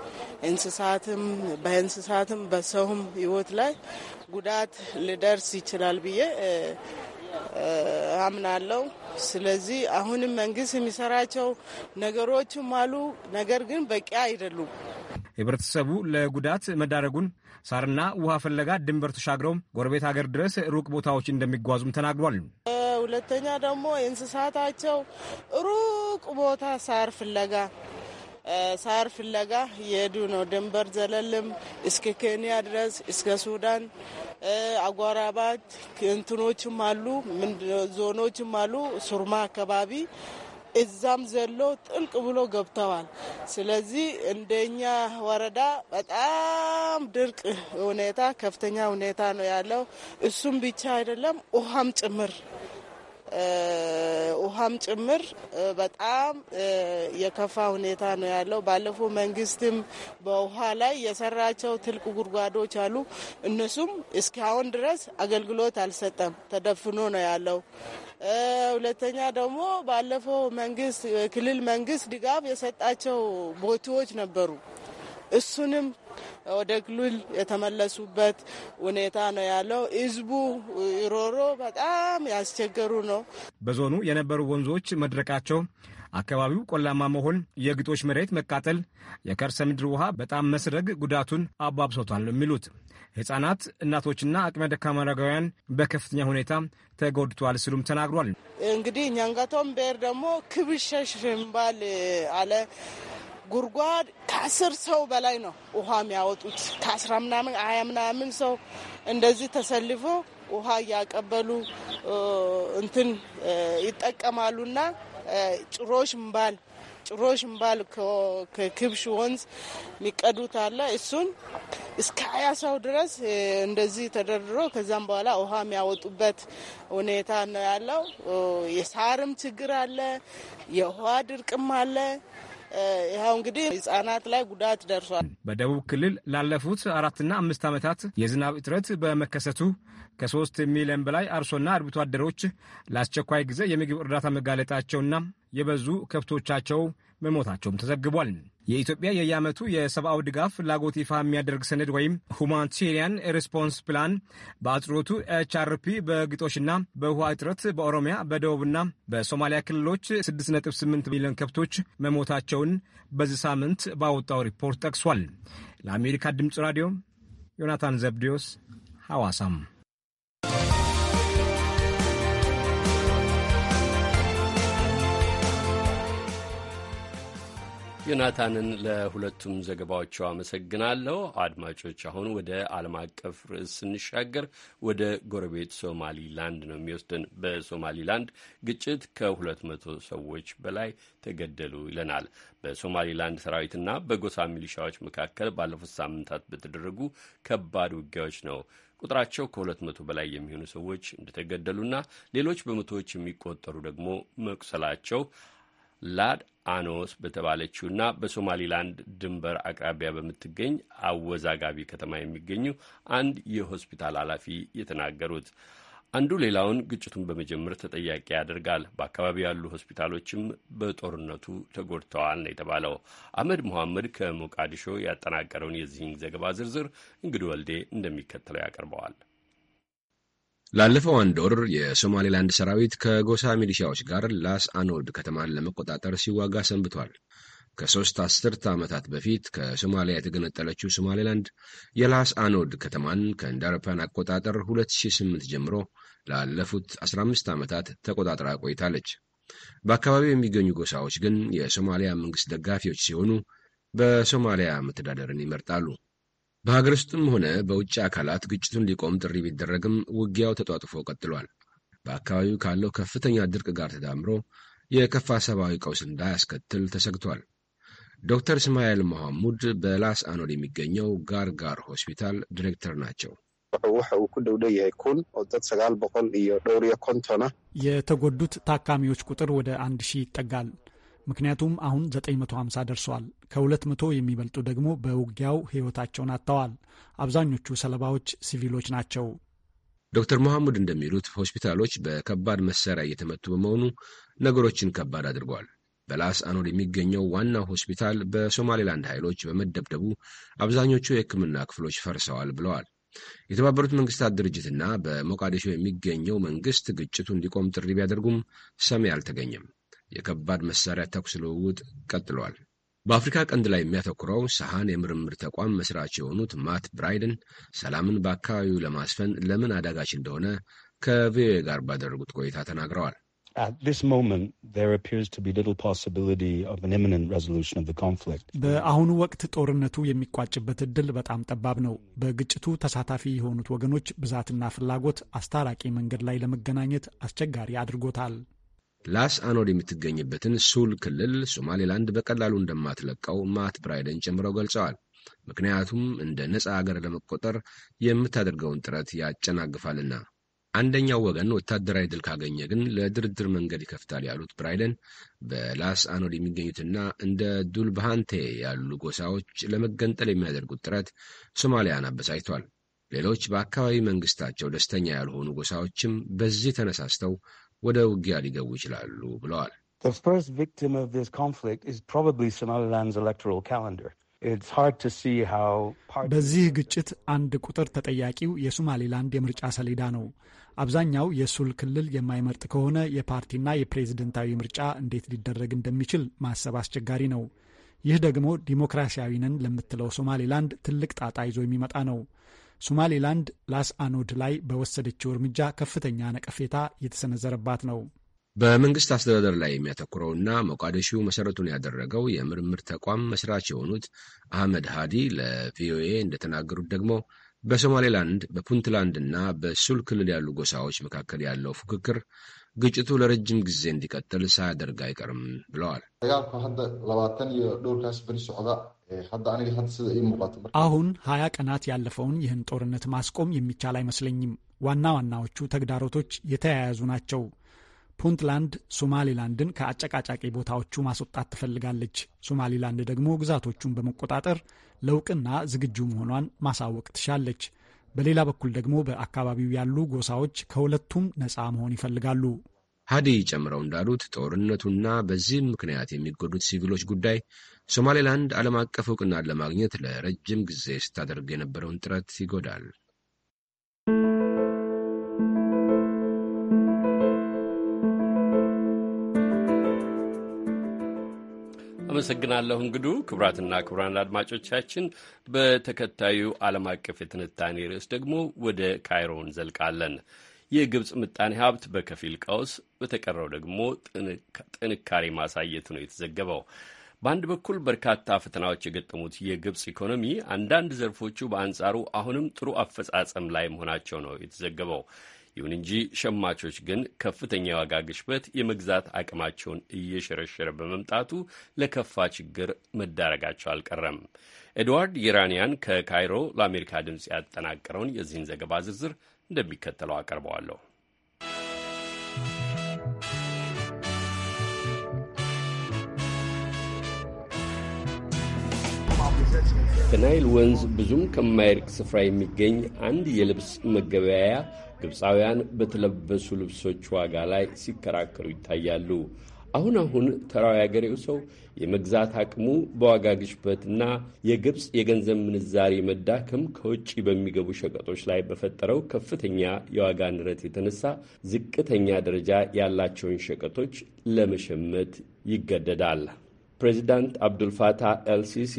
እንስሳትም በእንስሳትም በሰውም ህይወት ላይ ጉዳት ሊደርስ ይችላል ብዬ አምናለው። ስለዚህ አሁንም መንግስት የሚሰራቸው ነገሮችም አሉ፣ ነገር ግን በቂ አይደሉም። ህብረተሰቡ ለጉዳት መዳረጉን ሳርና ውሃ ፍለጋ ድንበር ተሻግረው ጎረቤት ሀገር ድረስ ሩቅ ቦታዎች እንደሚጓዙም ተናግሯል። ሁለተኛ ደግሞ የእንስሳታቸው ሩቅ ቦታ ሳር ፍለጋ ሳር ፍለጋ የሄዱ ነው። ድንበር ዘለልም እስከ ኬንያ ድረስ እስከ ሱዳን አጓራባት እንትኖችም አሉ ዞኖችም አሉ ሱርማ አካባቢ እዛም ዘሎ ጥልቅ ብሎ ገብተዋል። ስለዚህ እንደኛ ወረዳ በጣም ድርቅ ሁኔታ ከፍተኛ ሁኔታ ነው ያለው። እሱም ብቻ አይደለም ውሃም ጭምር ውሃም ጭምር በጣም የከፋ ሁኔታ ነው ያለው። ባለፈው መንግስትም በውሃ ላይ የሰራቸው ትልቅ ጉድጓዶች አሉ። እነሱም እስካሁን ድረስ አገልግሎት አልሰጠም፣ ተደፍኖ ነው ያለው። ሁለተኛ ደግሞ ባለፈው መንግስት ክልል መንግስት ድጋፍ የሰጣቸው ቦቲዎች ነበሩ። እሱንም ወደ ክልል የተመለሱበት ሁኔታ ነው ያለው። ህዝቡ ሮሮ በጣም ያስቸገሩ ነው። በዞኑ የነበሩ ወንዞች መድረቃቸው፣ አካባቢው ቆላማ መሆን፣ የግጦሽ መሬት መቃጠል፣ የከርሰ ምድር ውሃ በጣም መስረግ ጉዳቱን አባብሶቷል የሚሉት ህጻናት፣ እናቶችና አቅመ ደካማ አረጋውያን በከፍተኛ ሁኔታ ተጎድተዋል ስሉም ተናግሯል። እንግዲህ እኛንጋቶም ብሔር ደግሞ ክብሸሽ ሽምባል አለ ጉርጓድ ከአስር ሰው በላይ ነው ውሃ የሚያወጡት ከአስራ ምናምን አያ ምናምን ሰው እንደዚህ ተሰልፎ ውሃ እያቀበሉ እንትን ይጠቀማሉና ጭሮሽ ምባል ጭሮሽ እምባል ከክብሽ ወንዝ የሚቀዱት አለ። እሱን እስከ ሀያ ሰው ድረስ እንደዚህ ተደርድሮ ከዛም በኋላ ውሃ የሚያወጡበት ሁኔታ ነው ያለው። የሳርም ችግር አለ፣ የውሃ ድርቅም አለ። ይኸው እንግዲህ ህጻናት ላይ ጉዳት ደርሷል። በደቡብ ክልል ላለፉት አራትና አምስት ዓመታት የዝናብ እጥረት በመከሰቱ ከሶስት ሚሊዮን በላይ አርሶና አርብቶ አደሮች ለአስቸኳይ ጊዜ የምግብ እርዳታ መጋለጣቸውና የበዙ ከብቶቻቸው መሞታቸውም ተዘግቧል። የኢትዮጵያ የየዓመቱ የሰብአዊ ድጋፍ ፍላጎት ይፋ የሚያደርግ ሰነድ ወይም ሁማኒቴሪያን ሪስፖንስ ፕላን በአጽሮቱ ኤችአርፒ በግጦሽና በውሃ እጥረት በኦሮሚያ በደቡብና በሶማሊያ ክልሎች 6.8 ሚሊዮን ከብቶች መሞታቸውን በዚህ ሳምንት ባወጣው ሪፖርት ጠቅሷል። ለአሜሪካ ድምፅ ራዲዮ ዮናታን ዘብዲዮስ ሐዋሳም ዮናታንን ለሁለቱም ዘገባዎቹ አመሰግናለሁ። አድማጮች፣ አሁን ወደ ዓለም አቀፍ ርዕስ ስንሻገር ወደ ጎረቤት ሶማሊላንድ ነው የሚወስድን። በሶማሊላንድ ግጭት ከሁለት መቶ ሰዎች በላይ ተገደሉ ይለናል። በሶማሊላንድ ሰራዊትና በጎሳ ሚሊሻዎች መካከል ባለፉት ሳምንታት በተደረጉ ከባድ ውጊያዎች ነው ቁጥራቸው ከሁለት መቶ በላይ የሚሆኑ ሰዎች እንደተገደሉና ሌሎች በመቶዎች የሚቆጠሩ ደግሞ መቁሰላቸው ላድ አኖስ በተባለችውና በሶማሊላንድ ድንበር አቅራቢያ በምትገኝ አወዛጋቢ ከተማ የሚገኙ አንድ የሆስፒታል ኃላፊ የተናገሩት። አንዱ ሌላውን ግጭቱን በመጀመር ተጠያቂ ያደርጋል። በአካባቢው ያሉ ሆስፒታሎችም በጦርነቱ ተጎድተዋል ነው የተባለው። አህመድ መሐመድ ከሞቃዲሾ ያጠናቀረውን የዚህን ዘገባ ዝርዝር እንግዲህ ወልዴ እንደሚከተለው ያቀርበዋል። ላለፈው አንድ ወር የሶማሌላንድ ሰራዊት ከጎሳ ሚሊሻዎች ጋር ላስ አኖድ ከተማን ለመቆጣጠር ሲዋጋ ሰንብቷል። ከሦስት አስርተ ዓመታት በፊት ከሶማሊያ የተገነጠለችው ሶማሌላንድ የላስ አኖድ ከተማን ከእንደ አውሮፓውያን አቆጣጠር 2008 ጀምሮ ላለፉት 15 ዓመታት ተቆጣጥራ ቆይታለች። በአካባቢው የሚገኙ ጎሳዎች ግን የሶማሊያ መንግሥት ደጋፊዎች ሲሆኑ በሶማሊያ መተዳደርን ይመርጣሉ። በሀገር ውስጥም ሆነ በውጭ አካላት ግጭቱን ሊቆም ጥሪ ቢደረግም ውጊያው ተጧጥፎ ቀጥሏል። በአካባቢው ካለው ከፍተኛ ድርቅ ጋር ተዳምሮ የከፋ ሰብአዊ ቀውስ እንዳያስከትል ተሰግቷል። ዶክተር እስማኤል መሐሙድ በላስ አኖድ የሚገኘው ጋር ጋር ሆስፒታል ዲሬክተር ናቸው። የተጎዱት ታካሚዎች ቁጥር ወደ አንድ ሺህ ይጠጋል። ምክንያቱም አሁን 950 ደርሰዋል። ከ200 የሚበልጡ ደግሞ በውጊያው ሕይወታቸውን አጥተዋል። አብዛኞቹ ሰለባዎች ሲቪሎች ናቸው። ዶክተር መሐሙድ እንደሚሉት ሆስፒታሎች በከባድ መሳሪያ እየተመቱ በመሆኑ ነገሮችን ከባድ አድርጓል። በላስ አኖድ የሚገኘው ዋናው ሆስፒታል በሶማሌላንድ ኃይሎች በመደብደቡ አብዛኞቹ የሕክምና ክፍሎች ፈርሰዋል ብለዋል። የተባበሩት መንግስታት ድርጅትና በሞቃዲሾ የሚገኘው መንግስት ግጭቱ እንዲቆም ጥሪ ቢያደርጉም ሰሚ አልተገኘም። የከባድ መሳሪያ ተኩስ ልውውጥ ቀጥሏል። በአፍሪካ ቀንድ ላይ የሚያተኩረው ሰሃን የምርምር ተቋም መስራች የሆኑት ማት ብራይደን ሰላምን በአካባቢው ለማስፈን ለምን አዳጋች እንደሆነ ከቪኦኤ ጋር ባደረጉት ቆይታ ተናግረዋል። በአሁኑ ወቅት ጦርነቱ የሚቋጭበት እድል በጣም ጠባብ ነው። በግጭቱ ተሳታፊ የሆኑት ወገኖች ብዛትና ፍላጎት አስታራቂ መንገድ ላይ ለመገናኘት አስቸጋሪ አድርጎታል። ላስ አኖድ የምትገኝበትን ሱል ክልል ሶማሌላንድ በቀላሉ እንደማትለቀው ማት ብራይደን ጨምረው ገልጸዋል። ምክንያቱም እንደ ነፃ አገር ለመቆጠር የምታደርገውን ጥረት ያጨናግፋልና። አንደኛው ወገን ወታደራዊ ድል ካገኘ ግን ለድርድር መንገድ ይከፍታል ያሉት ብራይደን በላስ አኖድ የሚገኙትና እንደ ዱልባሃንቴ ያሉ ጎሳዎች ለመገንጠል የሚያደርጉት ጥረት ሶማሊያን አበሳጭቷል። ሌሎች በአካባቢ መንግስታቸው ደስተኛ ያልሆኑ ጎሳዎችም በዚህ ተነሳስተው ወደ ውጊያ ሊገቡ ይችላሉ ብለዋል። በዚህ ግጭት አንድ ቁጥር ተጠያቂው የሶማሌላንድ የምርጫ ሰሌዳ ነው። አብዛኛው የሱል ክልል የማይመርጥ ከሆነ የፓርቲና የፕሬዝደንታዊ ምርጫ እንዴት ሊደረግ እንደሚችል ማሰብ አስቸጋሪ ነው። ይህ ደግሞ ዲሞክራሲያዊ ነን ለምትለው ሶማሌላንድ ትልቅ ጣጣ ይዞ የሚመጣ ነው። ሶማሌላንድ ላስ አኖድ ላይ በወሰደችው እርምጃ ከፍተኛ ነቀፌታ የተሰነዘረባት ነው። በመንግስት አስተዳደር ላይ የሚያተኩረውና ሞቃዲሾ መሰረቱን ያደረገው የምርምር ተቋም መስራች የሆኑት አህመድ ሃዲ ለቪኦኤ እንደተናገሩት ደግሞ በሶማሌላንድ በፑንትላንድ እና በሱል ክልል ያሉ ጎሳዎች መካከል ያለው ፉክክር ግጭቱ ለረጅም ጊዜ እንዲቀጥል ሳያደርግ አይቀርም ብለዋል። አሁን ሀያ ቀናት ያለፈውን ይህን ጦርነት ማስቆም የሚቻል አይመስለኝም። ዋና ዋናዎቹ ተግዳሮቶች የተያያዙ ናቸው። ፑንትላንድ ሶማሊላንድን ከአጨቃጫቂ ቦታዎቹ ማስወጣት ትፈልጋለች። ሶማሊላንድ ደግሞ ግዛቶቹን በመቆጣጠር ለውቅና ዝግጁ መሆኗን ማሳወቅ ትሻለች። በሌላ በኩል ደግሞ በአካባቢው ያሉ ጎሳዎች ከሁለቱም ነፃ መሆን ይፈልጋሉ። ሀዲ ጨምረው እንዳሉት ጦርነቱና በዚህም ምክንያት የሚጎዱት ሲቪሎች ጉዳይ ሶማሌላንድ ዓለም አቀፍ እውቅናን ለማግኘት ለረጅም ጊዜ ስታደርግ የነበረውን ጥረት ይጎዳል። አመሰግናለሁ እንግዱ። ክቡራትና ክቡራን አድማጮቻችን በተከታዩ ዓለም አቀፍ የትንታኔ ርዕስ ደግሞ ወደ ካይሮ እንዘልቃለን። የግብፅ ምጣኔ ሀብት በከፊል ቀውስ፣ በተቀረው ደግሞ ጥንካሬ ማሳየት ነው የተዘገበው። በአንድ በኩል በርካታ ፈተናዎች የገጠሙት የግብፅ ኢኮኖሚ አንዳንድ ዘርፎቹ በአንጻሩ አሁንም ጥሩ አፈጻጸም ላይ መሆናቸው ነው የተዘገበው። ይሁን እንጂ ሸማቾች ግን ከፍተኛ የዋጋ ግሽበት የመግዛት አቅማቸውን እየሸረሸረ በመምጣቱ ለከፋ ችግር መዳረጋቸው አልቀረም። ኤድዋርድ ኢራንያን ከካይሮ ለአሜሪካ ድምፅ ያጠናቀረውን የዚህን ዘገባ ዝርዝር እንደሚከተለው አቀርበዋለሁ። ከናይል ወንዝ ብዙም ከማይርቅ ስፍራ የሚገኝ አንድ የልብስ መገበያያ ግብፃውያን በተለበሱ ልብሶች ዋጋ ላይ ሲከራከሩ ይታያሉ። አሁን አሁን ተራው ያገሬው ሰው የመግዛት አቅሙ በዋጋ ግሽበትና የግብፅ የገንዘብ ምንዛሪ መዳከም ከውጭ በሚገቡ ሸቀጦች ላይ በፈጠረው ከፍተኛ የዋጋ ንረት የተነሳ ዝቅተኛ ደረጃ ያላቸውን ሸቀጦች ለመሸመት ይገደዳል። ፕሬዚዳንት አብዱልፋታህ ኤልሲሲ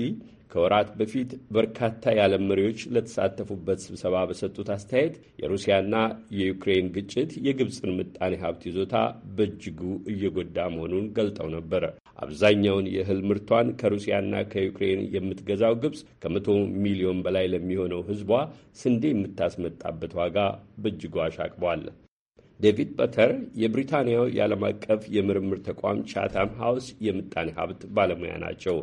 ከወራት በፊት በርካታ የዓለም መሪዎች ለተሳተፉበት ስብሰባ በሰጡት አስተያየት የሩሲያና የዩክሬን ግጭት የግብፅን ምጣኔ ሀብት ይዞታ በእጅጉ እየጎዳ መሆኑን ገልጠው ነበር። አብዛኛውን የእህል ምርቷን ከሩሲያና ከዩክሬን የምትገዛው ግብፅ ከመቶ ሚሊዮን በላይ ለሚሆነው ሕዝቧ ስንዴ የምታስመጣበት ዋጋ በእጅጉ አሻቅቧል። ዴቪድ በተር የብሪታንያው የዓለም አቀፍ የምርምር ተቋም ቻታም ሃውስ የምጣኔ ሀብት ባለሙያ ናቸው።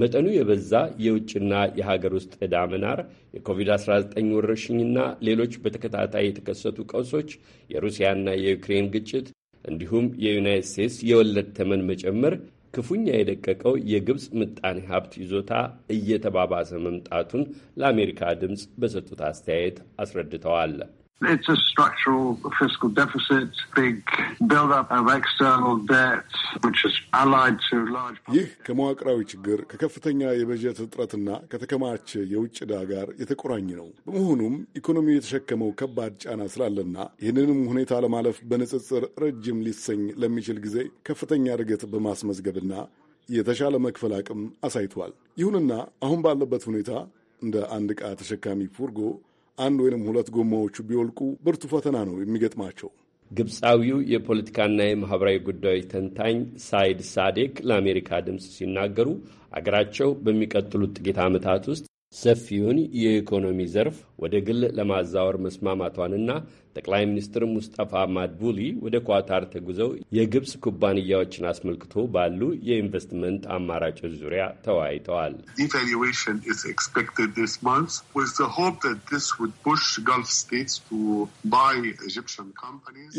መጠኑ የበዛ የውጭና የሀገር ውስጥ ዕዳ መናር፣ የኮቪድ-19 ወረርሽኝና ሌሎች በተከታታይ የተከሰቱ ቀውሶች፣ የሩሲያና የዩክሬን ግጭት እንዲሁም የዩናይት ስቴትስ የወለድ ተመን መጨመር ክፉኛ የደቀቀው የግብፅ ምጣኔ ሀብት ይዞታ እየተባባሰ መምጣቱን ለአሜሪካ ድምፅ በሰጡት አስተያየት አስረድተዋል። It's a structural fiscal deficit, big build-up of external debt, which is allied to large... ይህ ከመዋቅራዊ ችግር ከከፍተኛ የበጀት እጥረትና ከተከማቸ የውጭ ዕዳ ጋር የተቆራኘ ነው። በመሆኑም ኢኮኖሚው የተሸከመው ከባድ ጫና ስላለና ይህንንም ሁኔታ ለማለፍ በንጽጽር ረጅም ሊሰኝ ለሚችል ጊዜ ከፍተኛ እድገት በማስመዝገብና የተሻለ መክፈል አቅም አሳይቷል። ይሁንና አሁን ባለበት ሁኔታ እንደ አንድ ዕቃ ተሸካሚ ፉርጎ አንድ ወይንም ሁለት ጎማዎቹ ቢወልቁ ብርቱ ፈተና ነው የሚገጥማቸው። ግብፃዊው የፖለቲካና የማህበራዊ ጉዳዮች ተንታኝ ሳይድ ሳዴክ ለአሜሪካ ድምፅ ሲናገሩ አገራቸው በሚቀጥሉት ጥቂት ዓመታት ውስጥ ሰፊውን የኢኮኖሚ ዘርፍ ወደ ግል ለማዛወር መስማማቷንና ጠቅላይ ሚኒስትር ሙስጠፋ ማድቡሊ ወደ ኳታር ተጉዘው የግብፅ ኩባንያዎችን አስመልክቶ ባሉ የኢንቨስትመንት አማራጮች ዙሪያ ተወያይተዋል።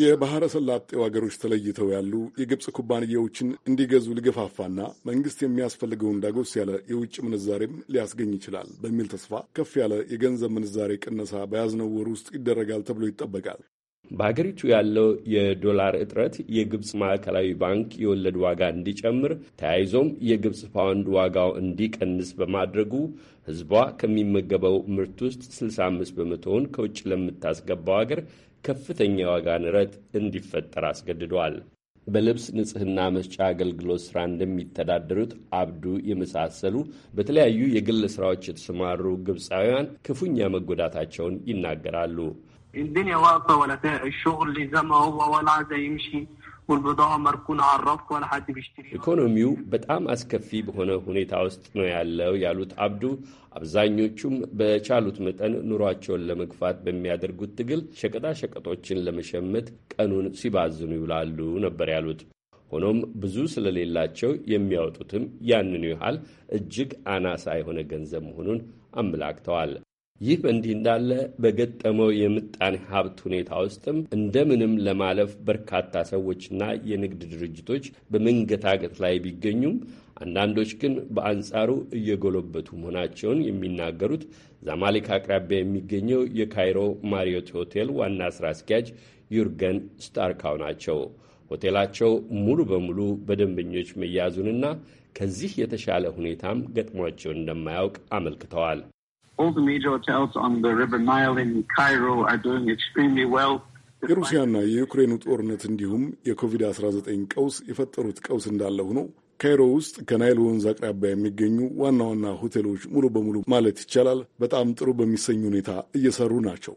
የባህረ ሰላጤው ሀገሮች ተለይተው ያሉ የግብፅ ኩባንያዎችን እንዲገዙ ሊገፋፋና መንግስት የሚያስፈልገውን ዳጎስ ያለ የውጭ ምንዛሬም ሊያስገኝ ይችላል በሚል ተስፋ ከፍ ያለ የገንዘብ ምንዛሬ ቅነሳ በያዝነው ወር ውስጥ ይደረጋል ተብሎ ይጠበቃል። ይፈልጋል። በሀገሪቱ ያለው የዶላር እጥረት የግብፅ ማዕከላዊ ባንክ የወለድ ዋጋ እንዲጨምር ተያይዞም የግብፅ ፓውንድ ዋጋው እንዲቀንስ በማድረጉ ሕዝቧ ከሚመገበው ምርት ውስጥ 65 በመቶውን ከውጭ ለምታስገባው ሀገር ከፍተኛ ዋጋ ንረት እንዲፈጠር አስገድዷል። በልብስ ንጽህና መስጫ አገልግሎት ስራ እንደሚተዳደሩት አብዱ የመሳሰሉ በተለያዩ የግል ስራዎች የተሰማሩ ግብፃውያን ክፉኛ መጎዳታቸውን ይናገራሉ። الدنيا واقفه ولا الشغل زي ما هو ولا عايز يمشي والبضاعه مركون على الرف ولا حد بيشتري ኢኮኖሚው በጣም አስከፊ በሆነ ሁኔታ ውስጥ ነው ያለው ያሉት አብዱ፣ አብዛኞቹም በቻሉት መጠን ኑሯቸውን ለመግፋት በሚያደርጉት ትግል ሸቀጣሸቀጦችን ለመሸመት ቀኑን ሲባዝኑ ይውላሉ ነበር ያሉት። ሆኖም ብዙ ስለሌላቸው የሚያወጡትም ያንኑ ያህል እጅግ አናሳ የሆነ ገንዘብ መሆኑን አመላክተዋል። ይህ በእንዲህ እንዳለ በገጠመው የምጣኔ ሀብት ሁኔታ ውስጥም እንደምንም ለማለፍ በርካታ ሰዎችና የንግድ ድርጅቶች በመንገታገት ላይ ቢገኙም አንዳንዶች ግን በአንጻሩ እየጎለበቱ መሆናቸውን የሚናገሩት ዛማሌክ አቅራቢያ የሚገኘው የካይሮ ማሪዮት ሆቴል ዋና ስራ አስኪያጅ ዩርገን ስታርካው ናቸው። ሆቴላቸው ሙሉ በሙሉ በደንበኞች መያዙንና ከዚህ የተሻለ ሁኔታም ገጥሟቸውን እንደማያውቅ አመልክተዋል። የሩሲያና የዩክሬኑ ጦርነት እንዲሁም የኮቪድ-19 ቀውስ የፈጠሩት ቀውስ እንዳለ ሆኖ ካይሮ ውስጥ ከናይል ወንዝ አቅራቢያ የሚገኙ ዋና ዋና ሆቴሎች ሙሉ በሙሉ ማለት ይቻላል በጣም ጥሩ በሚሰኝ ሁኔታ እየሰሩ ናቸው።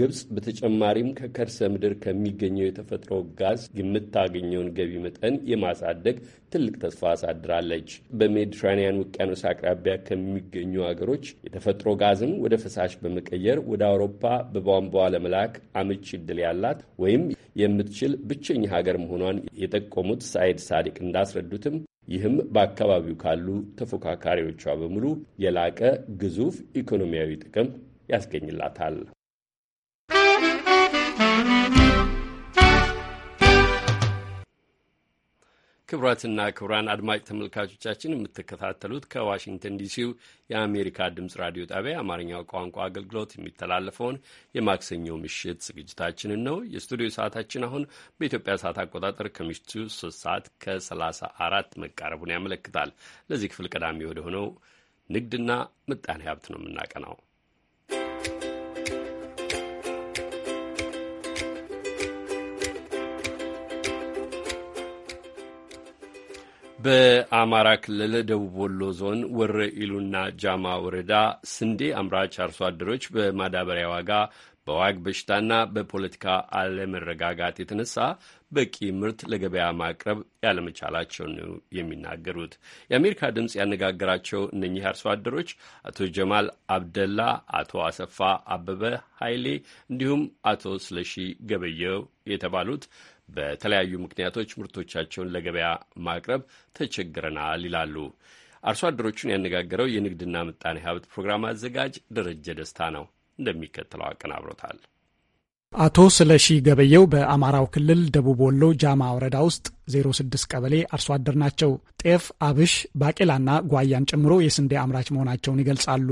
ግብፅ በተጨማሪም ከከርሰ ምድር ከሚገኘው የተፈጥሮ ጋዝ የምታገኘውን ገቢ መጠን የማሳደግ ትልቅ ተስፋ አሳድራለች። በሜዲትራኒያን ውቅያኖስ አቅራቢያ ከሚገኙ አገሮች የተፈጥሮ ጋዝን ወደ ፈሳሽ በመቀየር ወደ አውሮፓ በቧንቧ ለመላክ አመቺ ዕድል ያላት ወይም የምትችል ብቸኛ ሀገር መሆኗን የጠቆሙት ሳይድ ሳዲቅ እንዳስረዱትም ይህም በአካባቢው ካሉ ተፎካካሪዎቿ በሙሉ የላቀ ግዙፍ ኢኮኖሚያዊ ጥቅም ያስገኝላታል። ክቡራትና ክቡራን አድማጭ ተመልካቾቻችን የምትከታተሉት ከዋሽንግተን ዲሲው የአሜሪካ ድምፅ ራዲዮ ጣቢያ አማርኛው ቋንቋ አገልግሎት የሚተላለፈውን የማክሰኞ ምሽት ዝግጅታችንን ነው። የስቱዲዮ ሰዓታችን አሁን በኢትዮጵያ ሰዓት አቆጣጠር ከምሽቱ ሶስት ሰዓት ከ አራት መቃረቡን ያመለክታል። ለዚህ ክፍል ቀዳሚ ወደ ሆነው ንግድና ምጣኔ ሀብት ነው የምናቀናው። በአማራ ክልል ደቡብ ወሎ ዞን ወረ ኢሉና ጃማ ወረዳ ስንዴ አምራች አርሶ አደሮች በማዳበሪያ ዋጋ በዋግ በሽታና በፖለቲካ አለመረጋጋት የተነሳ በቂ ምርት ለገበያ ማቅረብ ያለመቻላቸው ነው የሚናገሩት። የአሜሪካ ድምፅ ያነጋገራቸው እነኚህ አርሶ አደሮች አቶ ጀማል አብደላ፣ አቶ አሰፋ አበበ ኃይሌ እንዲሁም አቶ ስለሺ ገበየው የተባሉት በተለያዩ ምክንያቶች ምርቶቻቸውን ለገበያ ማቅረብ ተቸግረናል ይላሉ። አርሶ አደሮቹን ያነጋገረው የንግድና ምጣኔ ሀብት ፕሮግራም አዘጋጅ ደረጀ ደስታ ነው፣ እንደሚከተለው አቀናብሮታል። አቶ ስለሺ ገበየው በአማራው ክልል ደቡብ ወሎ ጃማ ወረዳ ውስጥ 06 ቀበሌ አርሶ አደር ናቸው። ጤፍ፣ አብሽ፣ ባቄላና ጓያን ጨምሮ የስንዴ አምራች መሆናቸውን ይገልጻሉ።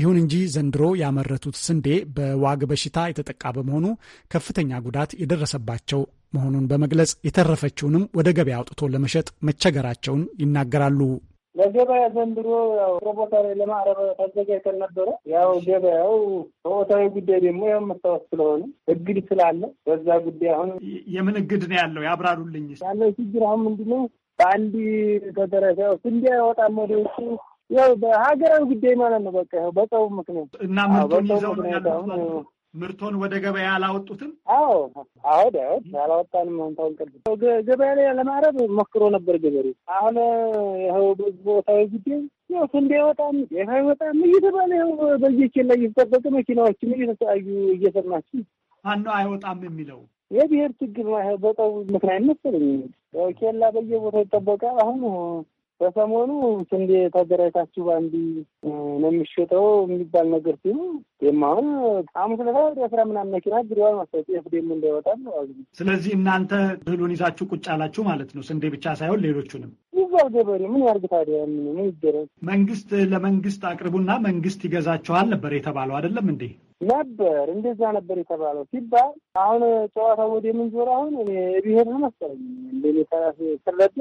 ይሁን እንጂ ዘንድሮ ያመረቱት ስንዴ በዋግ በሽታ የተጠቃ በመሆኑ ከፍተኛ ጉዳት የደረሰባቸው መሆኑን በመግለጽ የተረፈችውንም ወደ ገበያ አውጥቶ ለመሸጥ መቸገራቸውን ይናገራሉ። ለገበያ ዘንድሮ ያው ቦታ ላይ ለማዕረብ ተዘጋጅተን ነበረ። ያው ገበያው በወቅታዊ ጉዳይ ደግሞ ያው መስታወት ስለሆነ እግድ ስላለ በዛ ጉዳይ አሁን የምን እግድ ነው ያለው? ያብራሩልኝ። ያለው ችግር አሁን ነው? በአንድ ተደረሰ ስንዴ አይወጣም ወደ ውጭ ያው በሀገራዊ ጉዳይ ማለት ነው። በቃ በፀቡ ምክንያት እና ምርቱን ይዘው ነው ያለው ምርቶን ወደ ገበያ አላወጡትም። አዎ አሁን ሆንታውን አሁን ገበያ ላይ ለማረብ ሞክሮ ነበር ገበሬ። አሁን ይኸው ቦታዊ ጉዳይ ያው ስንዴ አይወጣም፣ ጤፍ አይወጣም እየተባለ ይኸው በየኬ ላይ እየተጠበቀ መኪናዎችን እየተሰአዩ እየሰማች አና አይወጣም የሚለው የብሔር ችግር በጠው ምክንያት መሰለኝ ኬላ በየቦታው ይጠበቃል አሁን በሰሞኑ ስንዴ ተደራጅታችሁ በአንድ ነው የሚሸጠው የሚባል ነገር ሲሉ የማሁን ሐሙስ ዕለት ወደ አስራ ምናምን መኪና ግሪዋል ማስታወቂ ጤፍ እንዳይወጣ ነው። ስለዚህ እናንተ እህሉን ይዛችሁ ቁጭ አላችሁ ማለት ነው። ስንዴ ብቻ ሳይሆን ሌሎቹንም ይዛል። ገበሬ። ምን ያርግ ታዲያ? ምን ይደረግ? መንግስት ለመንግስት አቅርቡና መንግስት ይገዛችኋል ነበር የተባለው አይደለም እንዴ? ነበር እንደዛ ነበር የተባለው ሲባል አሁን ጨዋታ ወደ ምንዞር አሁን እኔ ብሄር ነው መሰለኝ እንደኔ ከራሴ ስረዳ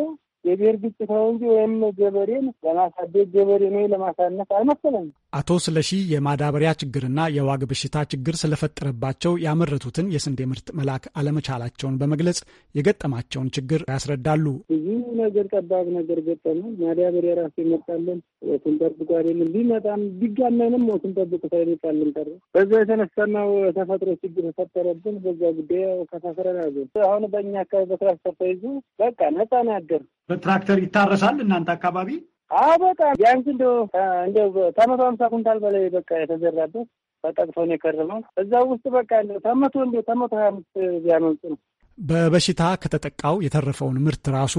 የብሔር ግጭት ነው እንጂ ወይም ገበሬን ለማሳደግ ገበሬ ነው ለማሳነስ አልመሰለኝም። አቶ ስለሺ የማዳበሪያ ችግርና የዋግ በሽታ ችግር ስለፈጠረባቸው ያመረቱትን የስንዴ ምርት መላክ አለመቻላቸውን በመግለጽ የገጠማቸውን ችግር ያስረዳሉ። ብዙ ነገር ጠባብ ነገር ገጠመን። ማዳበሪያ ራሱ ይመጣለን ወቱን ጠብቆ አይደለም ቢመጣም ቢጋመንም ወቱን ጠብቆ ሳይመጣልን ቀረ። በዛ የተነሳ ነው ተፈጥሮ ችግር ተፈጠረብን። በዛ ጉዳይ ከሳስረናዘ አሁን በእኛ አካባቢ በትራክተር ተይዞ በቃ ነጻ ነው ያደር ትራክተር ይታረሳል እናንተ አካባቢ? አዎ በጣም ቢያንስ እንደ እንደ ከመቶ ሀምሳ ኩንታል በላይ በቃ የተዘራበት ተጠቅሶን የከረመው እዛ ውስጥ በቃ እንደ ተመቶ እንደ ተመቶ ሀያ አምስት ቢያመልጡ ነው። በበሽታ ከተጠቃው የተረፈውን ምርት ራሱ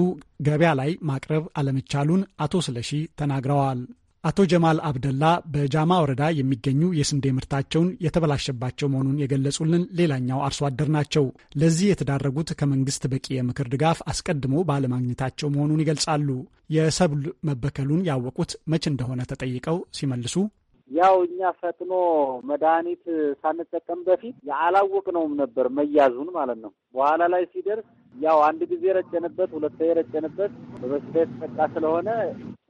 ገበያ ላይ ማቅረብ አለመቻሉን አቶ ስለሺ ተናግረዋል። አቶ ጀማል አብደላ በጃማ ወረዳ የሚገኙ የስንዴ ምርታቸውን የተበላሸባቸው መሆኑን የገለጹልን ሌላኛው አርሶ አደር ናቸው። ለዚህ የተዳረጉት ከመንግስት በቂ የምክር ድጋፍ አስቀድሞ ባለማግኘታቸው መሆኑን ይገልጻሉ። የሰብል መበከሉን ያወቁት መቼ እንደሆነ ተጠይቀው ሲመልሱ ያው እኛ ፈጥኖ መድኃኒት ሳንጠቀም በፊት አላወቅነውም ነበር መያዙን ማለት ነው። በኋላ ላይ ሲደርስ ያው አንድ ጊዜ ረጨንበት፣ ሁለት ረጨንበት በበሽታ የተጠቃ ስለሆነ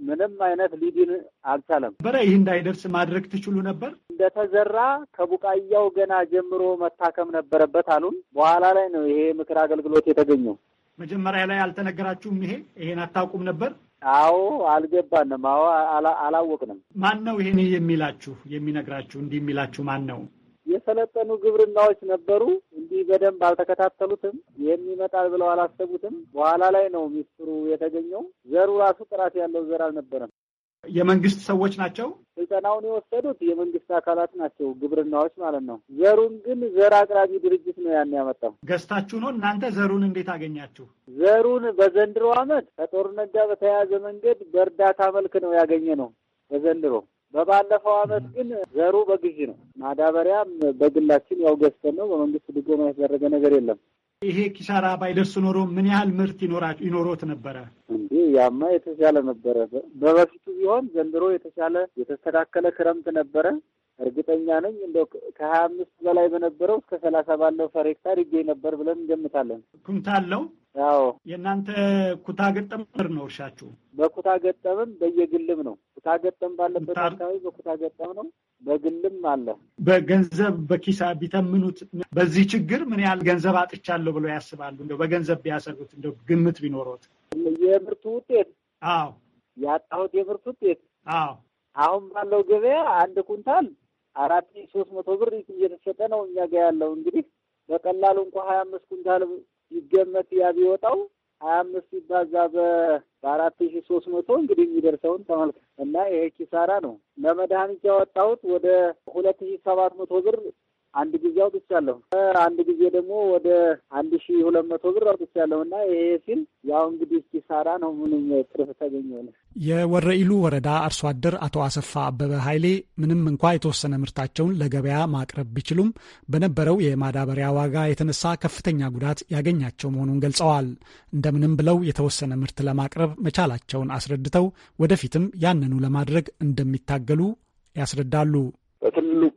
ምንም አይነት ሊድን አልቻለም። በረ ይህ እንዳይደርስ ማድረግ ትችሉ ነበር። እንደተዘራ ከቡቃያው ገና ጀምሮ መታከም ነበረበት አሉን። በኋላ ላይ ነው ይሄ ምክር አገልግሎት የተገኘው። መጀመሪያ ላይ አልተነገራችሁም? ይሄ ይሄን አታውቁም ነበር? አዎ አልገባንም። አዎ አላወቅንም። ማን ነው ይሄን የሚላችሁ የሚነግራችሁ? እንዲህ የሚላችሁ ማን ነው? የሰለጠኑ ግብርናዎች ነበሩ። በደንብ አልተከታተሉትም፣ ይህም ይመጣል ብለው አላሰቡትም። በኋላ ላይ ነው ሚስጥሩ የተገኘው። ዘሩ ራሱ ጥራት ያለው ዘር አልነበረም። የመንግስት ሰዎች ናቸው ስልጠናውን የወሰዱት የመንግስት አካላት ናቸው፣ ግብርናዎች ማለት ነው። ዘሩን ግን ዘር አቅራቢ ድርጅት ነው ያን ያመጣው። ገዝታችሁ ነው እናንተ? ዘሩን እንዴት አገኛችሁ? ዘሩን በዘንድሮ ዓመት ከጦርነት ጋር በተያያዘ መንገድ በእርዳታ መልክ ነው ያገኘ ነው በዘንድሮ በባለፈው አመት ግን ዘሩ በግዢ ነው። ማዳበሪያም በግላችን ያው ገዝተን ነው። በመንግስት ድጎማ የተደረገ ነገር የለም። ይሄ ኪሳራ ባይደርስ ኖሮ ምን ያህል ምርት ይኖሮት ነበረ? እንዲህ ያማ የተሻለ ነበረ። በበፊቱ ቢሆን ዘንድሮ የተሻለ የተስተካከለ ክረምት ነበረ። እርግጠኛ ነኝ እንደው ከሀያ አምስት በላይ በነበረው እስከ ሰላሳ ባለው ፈር ሄክታር ይገኝ ነበር ብለን እንገምታለን። ኩንታል ነው። አዎ የእናንተ ኩታ ገጠም ነው እርሻችሁ? በኩታ ገጠምም በየግልም ነው። ኩታ ገጠም ባለበት አካባቢ በኩታ ገጠም ነው፣ በግልም አለ። በገንዘብ በኪሳ ቢተምኑት በዚህ ችግር ምን ያህል ገንዘብ አጥቻለሁ ብለው ያስባሉ? እንደው በገንዘብ ቢያሰሩት እንደው ግምት ቢኖሮት የምርቱ ውጤት አዎ ያጣሁት የምርት ውጤት አዎ አሁን ባለው ገበያ አንድ ኩንታል አራት ሺ ሶስት መቶ ብር እየተሸጠ ነው እኛ ጋ ያለው። እንግዲህ በቀላሉ እንኳ ሀያ አምስት ኩንታል ይገመት ያ ቢወጣው ሀያ አምስት ሲባዛ በአራት ሺ ሶስት መቶ እንግዲህ የሚደርሰውን ተመልከት እና ይሄ ኪሳራ ነው። ለመድኃኒት ያወጣሁት ወደ ሁለት ሺ ሰባት መቶ ብር አንድ ጊዜ አውጥቻለሁ። አንድ ጊዜ ደግሞ ወደ አንድ ሺ ሁለት መቶ ብር አውጥቻለሁ እና ይሄ ሲል ያው እንግዲህ ኪሳራ ነው። ምንም ትርፍ ተገኘ። የወረኢሉ ወረዳ አርሶ አደር አቶ አሰፋ አበበ ኃይሌ ምንም እንኳ የተወሰነ ምርታቸውን ለገበያ ማቅረብ ቢችሉም በነበረው የማዳበሪያ ዋጋ የተነሳ ከፍተኛ ጉዳት ያገኛቸው መሆኑን ገልጸዋል። እንደምንም ብለው የተወሰነ ምርት ለማቅረብ መቻላቸውን አስረድተው ወደፊትም ያንኑ ለማድረግ እንደሚታገሉ ያስረዳሉ። በትልቁ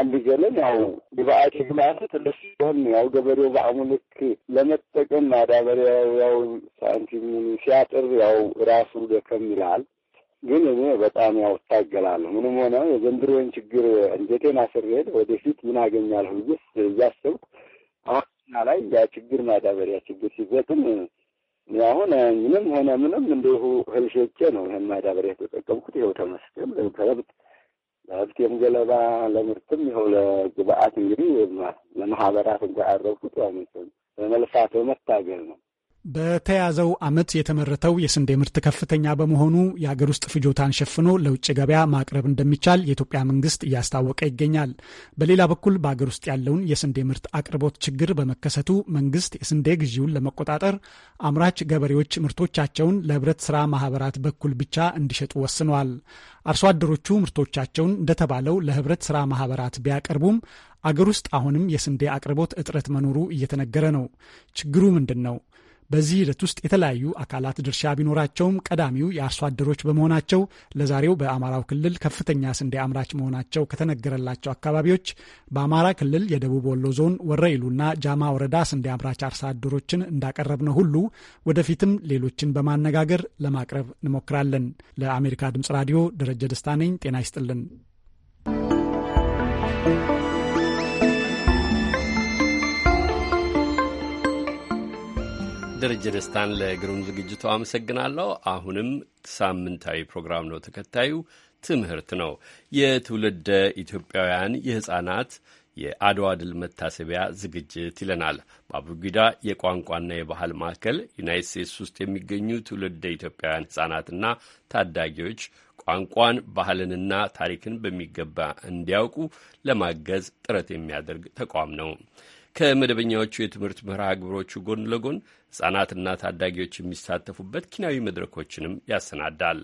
አንድ ገለም ያው ግብአት ማለት እነሱ ያው ገበሬው በአሁኑ ልክ ለመጠቀም ማዳበሪያው ያው ሳንቲሙን ሲያጥር ያው ራሱ ደከም ይላል። ግን እኔ በጣም ያው እታገላለሁ። ምንም ሆነ የዘንድሮን ችግር እንዴቴን አስርሄድ ወደፊት ምን አገኛለሁ ብዬስ እያሰብኩ አሁና ላይ ያ ችግር ማዳበሪያ ችግር ሲገጥም አሁን ምንም ሆነ ምንም እንዲሁ ህልሸቼ ነው ይህን ማዳበሪያ የተጠቀምኩት። ይኸው ተመስገን ለምት ለሀብቴም ገለባ ለምርትም ይኸው ለግብአት እንግዲህ ለማህበራት እንኳ ያረብኩት ያመሰል በመልፋት በመታገል ነው። በተያዘው ዓመት የተመረተው የስንዴ ምርት ከፍተኛ በመሆኑ የአገር ውስጥ ፍጆታን ሸፍኖ ለውጭ ገበያ ማቅረብ እንደሚቻል የኢትዮጵያ መንግስት እያስታወቀ ይገኛል። በሌላ በኩል በአገር ውስጥ ያለውን የስንዴ ምርት አቅርቦት ችግር በመከሰቱ መንግስት የስንዴ ግዢውን ለመቆጣጠር አምራች ገበሬዎች ምርቶቻቸውን ለህብረት ስራ ማህበራት በኩል ብቻ እንዲሸጡ ወስነዋል። አርሶ አደሮቹ ምርቶቻቸውን እንደተባለው ለህብረት ስራ ማህበራት ቢያቀርቡም አገር ውስጥ አሁንም የስንዴ አቅርቦት እጥረት መኖሩ እየተነገረ ነው። ችግሩ ምንድን ነው? በዚህ ሂደት ውስጥ የተለያዩ አካላት ድርሻ ቢኖራቸውም ቀዳሚው የአርሶ አደሮች በመሆናቸው ለዛሬው በአማራው ክልል ከፍተኛ ስንዴ አምራች መሆናቸው ከተነገረላቸው አካባቢዎች በአማራ ክልል የደቡብ ወሎ ዞን ወረኢሉና ጃማ ወረዳ ስንዴ አምራች አርሶ አደሮችን እንዳቀረብነው ሁሉ ወደፊትም ሌሎችን በማነጋገር ለማቅረብ እንሞክራለን። ለአሜሪካ ድምጽ ራዲዮ ደረጀ ደስታ ነኝ። ጤና ይስጥልን። ደረጀ ደስታን ለግሩም ዝግጅቱ አመሰግናለሁ። አሁንም ሳምንታዊ ፕሮግራም ነው። ተከታዩ ትምህርት ነው። የትውልደ ኢትዮጵያውያን የህፃናት የአድዋ ድል መታሰቢያ ዝግጅት ይለናል። በአቡጊዳ የቋንቋና የባህል ማዕከል ዩናይት ስቴትስ ውስጥ የሚገኙ ትውልደ ኢትዮጵያውያን ህጻናትና ታዳጊዎች ቋንቋን ባህልንና ታሪክን በሚገባ እንዲያውቁ ለማገዝ ጥረት የሚያደርግ ተቋም ነው። ከመደበኛዎቹ የትምህርት መርሃ ግብሮቹ ጎን ለጎን ሕፃናትና ታዳጊዎች የሚሳተፉበት ኪናዊ መድረኮችንም ያሰናዳል።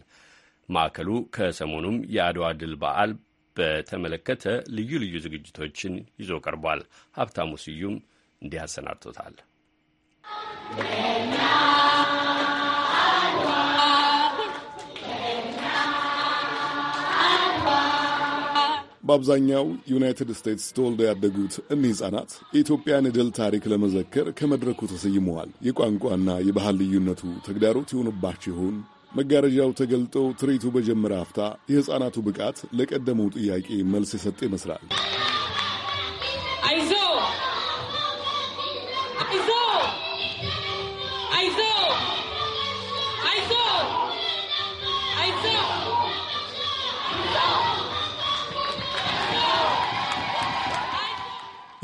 ማዕከሉ ከሰሞኑም የአድዋ ድል በዓል በተመለከተ ልዩ ልዩ ዝግጅቶችን ይዞ ቀርቧል። ሀብታሙ ስዩም እንዲህ አሰናድቶታል። በአብዛኛው ዩናይትድ ስቴትስ ተወልደው ያደጉት እኒህ ሕፃናት የኢትዮጵያን የድል ታሪክ ለመዘከር ከመድረኩ ተሰይመዋል። የቋንቋና የባህል ልዩነቱ ተግዳሮት የሆኑባቸው ይሆን? መጋረጃው ተገልጦ ትርኢቱ በጀመረ አፍታ የሕፃናቱ ብቃት ለቀደመው ጥያቄ መልስ የሰጠ ይመስላል። አይዞ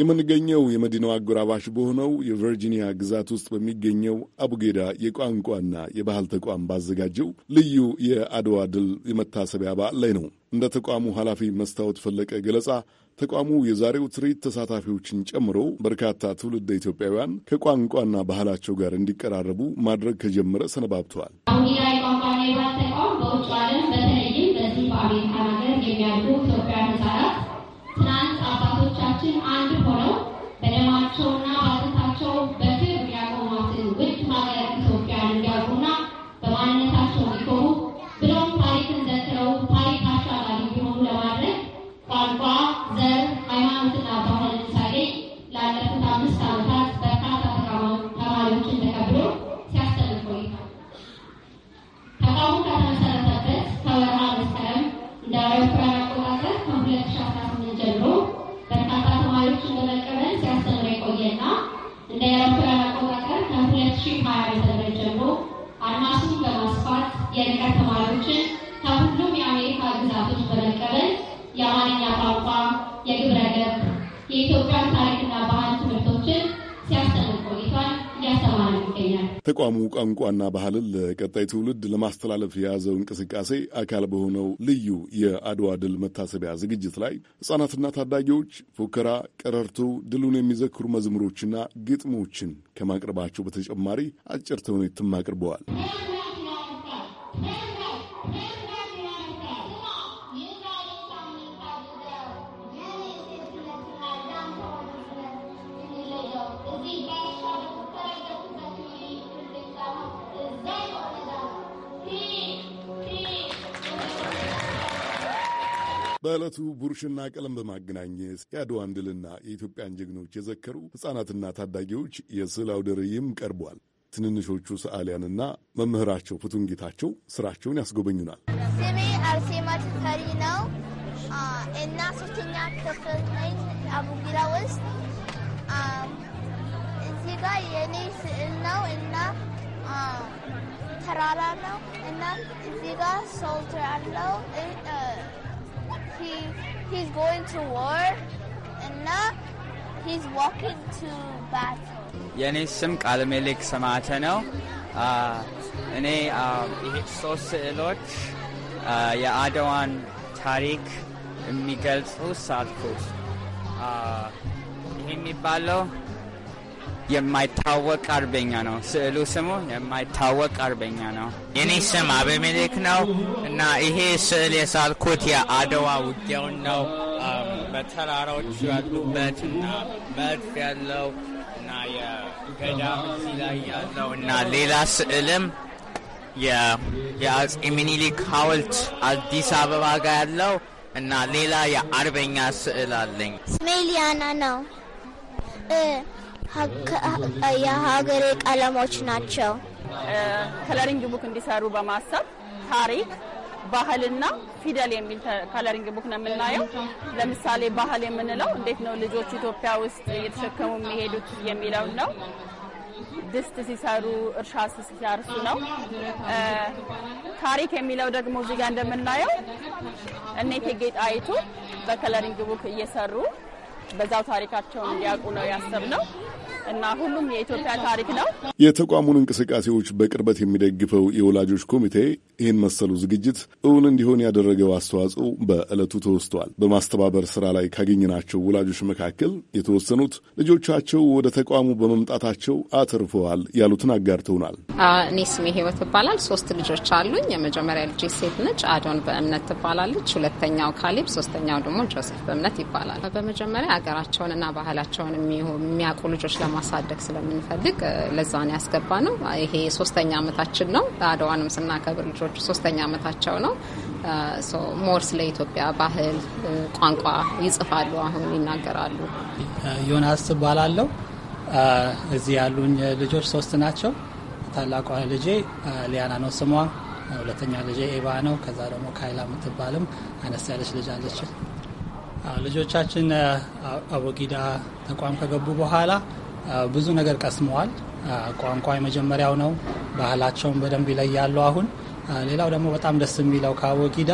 የምንገኘው የመዲናው አጎራባሽ በሆነው የቨርጂኒያ ግዛት ውስጥ በሚገኘው አቡጌዳ የቋንቋና የባህል ተቋም ባዘጋጀው ልዩ የአድዋ ድል የመታሰቢያ በዓል ላይ ነው። እንደ ተቋሙ ኃላፊ መስታወት ፈለቀ ገለጻ ተቋሙ የዛሬው ትርኢት ተሳታፊዎችን ጨምሮ በርካታ ትውልደ ኢትዮጵያውያን ከቋንቋና ባህላቸው ጋር እንዲቀራረቡ ማድረግ ከጀመረ ሰነባብተዋል። አቡጌዳ የባህል ተቋም በውጭ ዓለም በተለይም በዚህ በአሜሪካ ሀገር የሚያሉ ወንድሞቻችን አንድ ሆነው በደማ መልካሙ ቋንቋና ባህልን ለቀጣይ ትውልድ ለማስተላለፍ የያዘው እንቅስቃሴ አካል በሆነው ልዩ የአድዋ ድል መታሰቢያ ዝግጅት ላይ ሕጻናትና ታዳጊዎች ፉከራ፣ ቀረርቶ፣ ድሉን የሚዘክሩ መዝሙሮችና ግጥሞችን ከማቅረባቸው በተጨማሪ አጭር ተውኔትም አቅርበዋል። በዕለቱ ብሩሽና ቀለም በማገናኘት የአድዋን ድልና የኢትዮጵያን ጀግኖች የዘከሩ ሕጻናትና ታዳጊዎች የስዕል አውደ ርዕይም ቀርቧል። ትንንሾቹ ሰዓሊያንና መምህራቸው ፍቱን ጌታቸው ስራቸውን ያስጎበኙናል። ስሜ አርሴማ ተፈሪ ነው እና ሶስተኛ ክፍል ነኝ አቡጊራ ውስጥ እዚህ ጋር የእኔ ስዕል ነው እና ተራራ ነው እና እዚህ ጋር ሶልተር አለው he he's going to war, and now he's walking to battle. የኔ ስም ቃለ ሜሌክ ሰማዕተ ነው። እኔ ይሄ ሶስት ስዕሎች የአድዋን ታሪክ የሚገልጹ ሳልኩት ይሄ የሚባለው የማይታወቅ አርበኛ ነው። ስዕሉ ስሙ የማይታወቅ አርበኛ ነው። የኔ ስም አበሜሌክ ነው እና ይሄ ስዕል የሳልኩት የአድዋ ውጊያውን ነው። በተራራዎች ያሉበት እና መድፍ ያለው እና የገዳም እዚህ ላይ ያለው እና ሌላ ስዕልም የአጼ ሚኒሊክ ሐውልት አዲስ አበባ ጋር ያለው እና ሌላ የአርበኛ ስዕል አለኝ። ስሜ ሊያና ነው። የሀገሬ ቀለሞች ናቸው። ከለሪንግ ቡክ እንዲሰሩ በማሰብ ታሪክ ባህልና ፊደል የሚል ከለሪንግ ቡክ ነው የምናየው። ለምሳሌ ባህል የምንለው እንዴት ነው ልጆች ኢትዮጵያ ውስጥ እየተሸከሙ የሚሄዱት የሚለው ነው። ድስት ሲሰሩ፣ እርሻ ሲያርሱ ነው። ታሪክ የሚለው ደግሞ እዚህ ጋር እንደምናየው እነ እቴጌ ጣይቱ በከለሪንግ ቡክ እየሰሩ በዛው ታሪካቸውን እንዲያውቁ ነው ያሰብነው። እና ሁሉም የኢትዮጵያ ታሪክ ነው። የተቋሙን እንቅስቃሴዎች በቅርበት የሚደግፈው የወላጆች ኮሚቴ ይህን መሰሉ ዝግጅት እውን እንዲሆን ያደረገው አስተዋጽኦ በዕለቱ ተወስቷል። በማስተባበር ስራ ላይ ካገኘናቸው ወላጆች መካከል የተወሰኑት ልጆቻቸው ወደ ተቋሙ በመምጣታቸው አትርፈዋል ያሉትን አጋርተውናል። እኔ ስሜ ህይወት ይባላል። ሶስት ልጆች አሉኝ። የመጀመሪያ ልጅ ሴት ነች፣ አዶን በእምነት ትባላለች። ሁለተኛው ካሌብ፣ ሶስተኛው ደግሞ ጆሴፍ በእምነት ይባላል። በመጀመሪያ ሀገራቸውንና ባህላቸውን የሚያውቁ ልጆች ለማሳደግ ስለምንፈልግ ለዛ ነው ያስገባ ነው። ይሄ ሶስተኛ አመታችን ነው። አድዋንም ስናከብር ልጆቹ ሶስተኛ አመታቸው ነው። ሞር ስለ ኢትዮጵያ ባህል፣ ቋንቋ ይጽፋሉ፣ አሁን ይናገራሉ። ዮናስ እባላለሁ። እዚህ ያሉኝ ልጆች ሶስት ናቸው። ታላቋ ልጄ ሊያና ነው ስሟ። ሁለተኛ ልጄ ኤባ ነው። ከዛ ደግሞ ካይላ የምትባልም አነስ ያለች ልጅ አለችን። ልጆቻችን አቦጊዳ ተቋም ከገቡ በኋላ ብዙ ነገር ቀስመዋል። ቋንቋ የመጀመሪያው ነው። ባህላቸውን በደንብ ይለያሉ። አሁን ሌላው ደግሞ በጣም ደስ የሚለው ከአቦጊዳ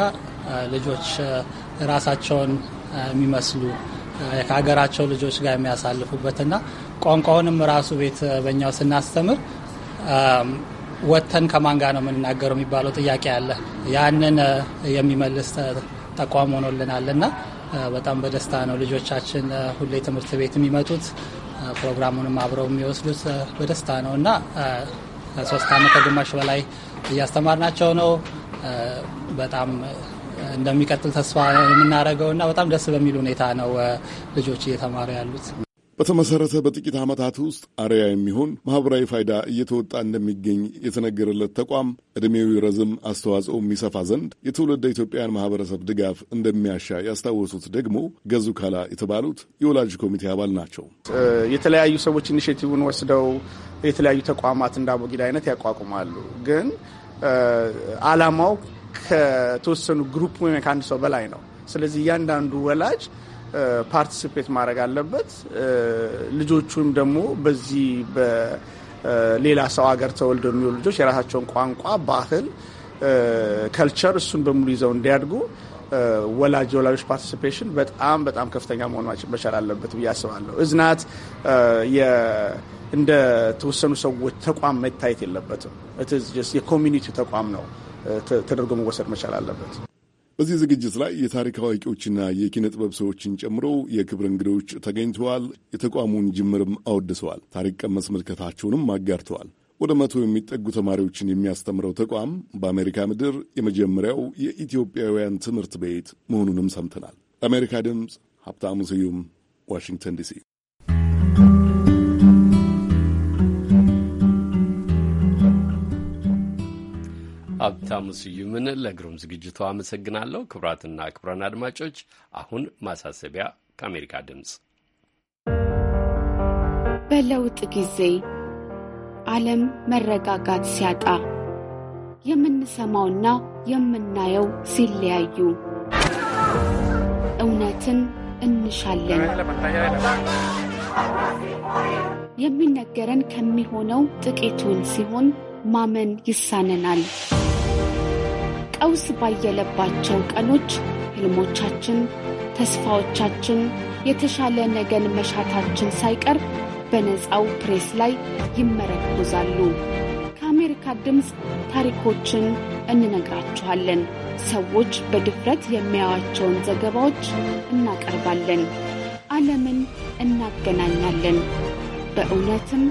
ልጆች ራሳቸውን የሚመስሉ ከሀገራቸው ልጆች ጋር የሚያሳልፉበትና ቋንቋውንም ራሱ ቤት በኛው ስናስተምር ወጥተን ከማን ጋር ነው የምንናገረው የሚባለው ጥያቄ አለ። ያንን የሚመልስ ተቋም ሆኖልናል እና በጣም በደስታ ነው ልጆቻችን ሁሌ ትምህርት ቤት የሚመጡት። ፕሮግራሙንም አብረው የሚወስዱት በደስታ ነው እና ሶስት አመት ከግማሽ በላይ እያስተማርናቸው ነው። በጣም እንደሚቀጥል ተስፋ የምናደርገው እና በጣም ደስ በሚል ሁኔታ ነው ልጆች እየተማሩ ያሉት። በተመሰረተ በጥቂት ዓመታት ውስጥ አርያ የሚሆን ማኅበራዊ ፋይዳ እየተወጣ እንደሚገኝ የተነገረለት ተቋም ዕድሜው ረዝም አስተዋጽኦ የሚሰፋ ዘንድ የትውልደ ኢትዮጵያን ማኅበረሰብ ድጋፍ እንደሚያሻ ያስታወሱት ደግሞ ገዙ ካላ የተባሉት የወላጅ ኮሚቴ አባል ናቸው። የተለያዩ ሰዎች ኢኒሽቲቭን ወስደው የተለያዩ ተቋማት እንደ አቦጊዳ አይነት ያቋቁማሉ። ግን አላማው ከተወሰኑ ግሩፕ ወይም ከአንድ ሰው በላይ ነው። ስለዚህ እያንዳንዱ ወላጅ ፓርቲስፔት ማድረግ አለበት። ልጆቹም ደግሞ በዚህ በሌላ ሰው ሀገር ተወልደው የሚሆኑ ልጆች የራሳቸውን ቋንቋ፣ ባህል፣ ከልቸር እሱን በሙሉ ይዘው እንዲያድጉ ወላጅ ወላጆች ፓርቲስፔሽን በጣም በጣም ከፍተኛ መሆን መቻል አለበት ብዬ አስባለሁ። እዝናት እንደ ተወሰኑ ሰዎች ተቋም መታየት የለበትም። የኮሚኒቲ ተቋም ነው ተደርጎ መወሰድ መቻል አለበት። በዚህ ዝግጅት ላይ የታሪክ አዋቂዎችና የኪነ ጥበብ ሰዎችን ጨምሮ የክብር እንግዶች ተገኝተዋል። የተቋሙን ጅምርም አወድሰዋል። ታሪክ ቀመስ መልከታቸውንም አጋርተዋል። ወደ መቶ የሚጠጉ ተማሪዎችን የሚያስተምረው ተቋም በአሜሪካ ምድር የመጀመሪያው የኢትዮጵያውያን ትምህርት ቤት መሆኑንም ሰምተናል። ለአሜሪካ ድምፅ ሀብታሙ ስዩም ዋሽንግተን ዲሲ ሀብታሙ ስዩምን ለግሩም ዝግጅቱ አመሰግናለሁ። ክቡራትና ክቡራን አድማጮች አሁን ማሳሰቢያ ከአሜሪካ ድምፅ። በለውጥ ጊዜ ዓለም መረጋጋት ሲያጣ የምንሰማውና የምናየው ሲለያዩ እውነትን እንሻለን። የሚነገረን ከሚሆነው ጥቂቱን ሲሆን ማመን ይሳነናል። ቀውስ ባየለባቸው ቀኖች ህልሞቻችን፣ ተስፋዎቻችን፣ የተሻለ ነገን መሻታችን ሳይቀር በነፃው ፕሬስ ላይ ይመረኮዛሉ። ከአሜሪካ ድምፅ ታሪኮችን እንነግራችኋለን። ሰዎች በድፍረት የሚያያቸውን ዘገባዎች እናቀርባለን። ዓለምን እናገናኛለን፣ በእውነትም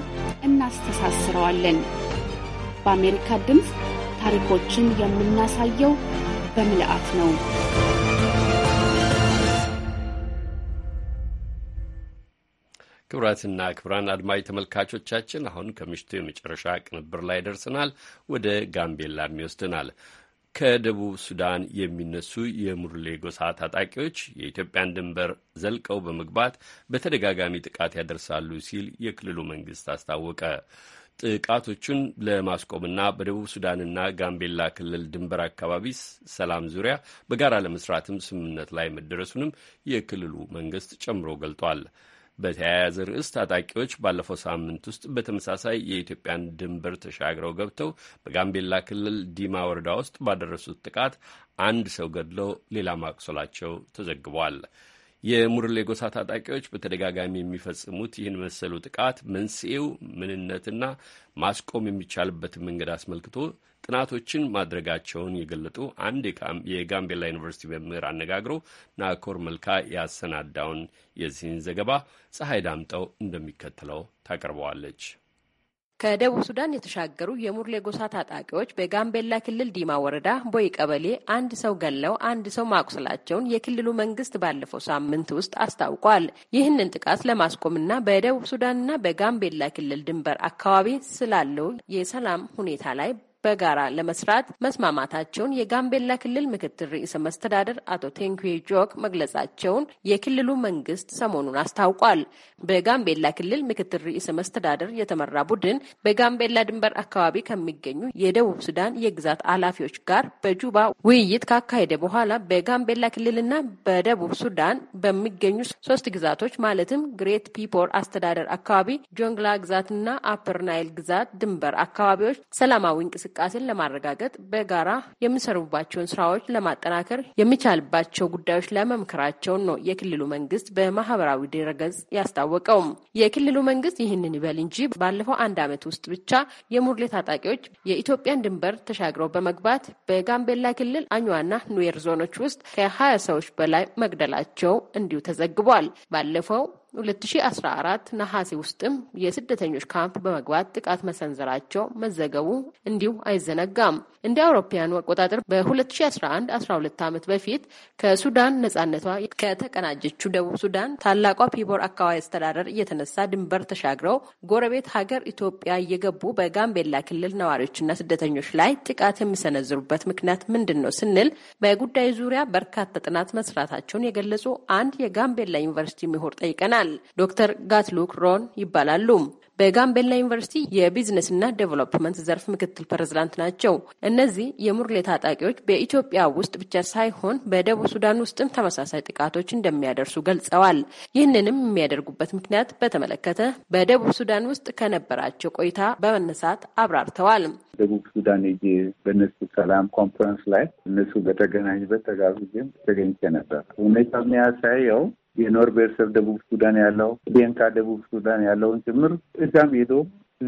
እናስተሳስረዋለን። በአሜሪካ ድምፅ ታሪኮችን የምናሳየው በምልአት ነው። ክቡራትና ክቡራን አድማጭ ተመልካቾቻችን አሁን ከምሽቱ የመጨረሻ ቅንብር ላይ ደርሰናል። ወደ ጋምቤላም ይወስደናል። ከደቡብ ሱዳን የሚነሱ የሙርሌ ጎሳ ታጣቂዎች የኢትዮጵያን ድንበር ዘልቀው በመግባት በተደጋጋሚ ጥቃት ያደርሳሉ ሲል የክልሉ መንግስት አስታወቀ። ጥቃቶቹን ለማስቆምና በደቡብ ሱዳንና ጋምቤላ ክልል ድንበር አካባቢ ሰላም ዙሪያ በጋራ ለመስራትም ስምምነት ላይ መደረሱንም የክልሉ መንግስት ጨምሮ ገልጧል። በተያያዘ ርዕስ ታጣቂዎች ባለፈው ሳምንት ውስጥ በተመሳሳይ የኢትዮጵያን ድንበር ተሻግረው ገብተው በጋምቤላ ክልል ዲማ ወረዳ ውስጥ ባደረሱት ጥቃት አንድ ሰው ገድለው ሌላ ማቁሰላቸው ተዘግቧል። የሙርሌ ጎሳ ታጣቂዎች በተደጋጋሚ የሚፈጽሙት ይህን መሰሉ ጥቃት መንስኤው ምንነትና ማስቆም የሚቻልበትን መንገድ አስመልክቶ ጥናቶችን ማድረጋቸውን የገለጡ አንድ የጋምቤላ ዩኒቨርሲቲ መምህር አነጋግሮ ናኮር መልካ ያሰናዳውን የዚህን ዘገባ ፀሐይ ዳምጠው እንደሚከተለው ታቀርበዋለች። ከደቡብ ሱዳን የተሻገሩ የሙርሌ ጎሳ ታጣቂዎች በጋምቤላ ክልል ዲማ ወረዳ ቦይ ቀበሌ አንድ ሰው ገለው አንድ ሰው ማቁሰላቸውን የክልሉ መንግስት ባለፈው ሳምንት ውስጥ አስታውቋል። ይህንን ጥቃት ለማስቆምና በደቡብ ሱዳንና በጋምቤላ ክልል ድንበር አካባቢ ስላለው የሰላም ሁኔታ ላይ በጋራ ለመስራት መስማማታቸውን የጋምቤላ ክልል ምክትል ርዕሰ መስተዳደር አቶ ቴንኩዌ ጆክ መግለጻቸውን የክልሉ መንግስት ሰሞኑን አስታውቋል። በጋምቤላ ክልል ምክትል ርዕሰ መስተዳደር የተመራ ቡድን በጋምቤላ ድንበር አካባቢ ከሚገኙ የደቡብ ሱዳን የግዛት ኃላፊዎች ጋር በጁባ ውይይት ካካሄደ በኋላ በጋምቤላ ክልልና በደቡብ ሱዳን በሚገኙ ሶስት ግዛቶች ማለትም ግሬት ፒፖር አስተዳደር አካባቢ፣ ጆንግላ ግዛትና አፐርናይል ግዛት ድንበር አካባቢዎች ሰላማዊ እንቅስቃሴ እንቅስቃሴን ለማረጋገጥ በጋራ የሚሰሩባቸውን ስራዎች ለማጠናከር የሚቻልባቸው ጉዳዮች ለመምከራቸውን ነው የክልሉ መንግስት በማህበራዊ ድረገጽ ያስታወቀው። የክልሉ መንግስት ይህንን ይበል እንጂ ባለፈው አንድ ዓመት ውስጥ ብቻ የሙርሌ ታጣቂዎች የኢትዮጵያን ድንበር ተሻግረው በመግባት በጋምቤላ ክልል አኝዋና ኑዌር ዞኖች ውስጥ ከሀያ ሰዎች በላይ መግደላቸው እንዲሁ ተዘግቧል። ባለፈው 2014 ነሐሴ ውስጥም የስደተኞች ካምፕ በመግባት ጥቃት መሰንዘራቸው መዘገቡ እንዲሁ አይዘነጋም። እንደ አውሮፓውያኑ አቆጣጠር በ2011 12 ዓመት በፊት ከሱዳን ነጻነቷ ከተቀናጀችው ደቡብ ሱዳን ታላቋ ፒቦር አካባቢ አስተዳደር እየተነሳ ድንበር ተሻግረው ጎረቤት ሀገር ኢትዮጵያ እየገቡ በጋምቤላ ክልል ነዋሪዎችና ስደተኞች ላይ ጥቃት የሚሰነዝሩበት ምክንያት ምንድን ነው ስንል በጉዳዩ ዙሪያ በርካታ ጥናት መስራታቸውን የገለጹ አንድ የጋምቤላ ዩኒቨርሲቲ ምሁር ጠይቀናል። ይገኛል። ዶክተር ጋትሉክ ሮን ይባላሉ። በጋምቤላ ዩኒቨርሲቲ የቢዝነስና ዴቨሎፕመንት ዘርፍ ምክትል ፕሬዝዳንት ናቸው። እነዚህ የሙርሌ ታጣቂዎች በኢትዮጵያ ውስጥ ብቻ ሳይሆን በደቡብ ሱዳን ውስጥም ተመሳሳይ ጥቃቶች እንደሚያደርሱ ገልጸዋል። ይህንንም የሚያደርጉበት ምክንያት በተመለከተ በደቡብ ሱዳን ውስጥ ከነበራቸው ቆይታ በመነሳት አብራርተዋል። ደቡብ ሱዳን ይ በነሱ ሰላም ኮንፈረንስ ላይ እነሱ በተገናኝበት ተጋብዤም ተገኝቼ ነበር። ሁኔታ የሚያሳየው የኖር ብሔረሰብ ደቡብ ሱዳን ያለው ዴንካ ደቡብ ሱዳን ያለውን ጭምር እዛም ሄዶ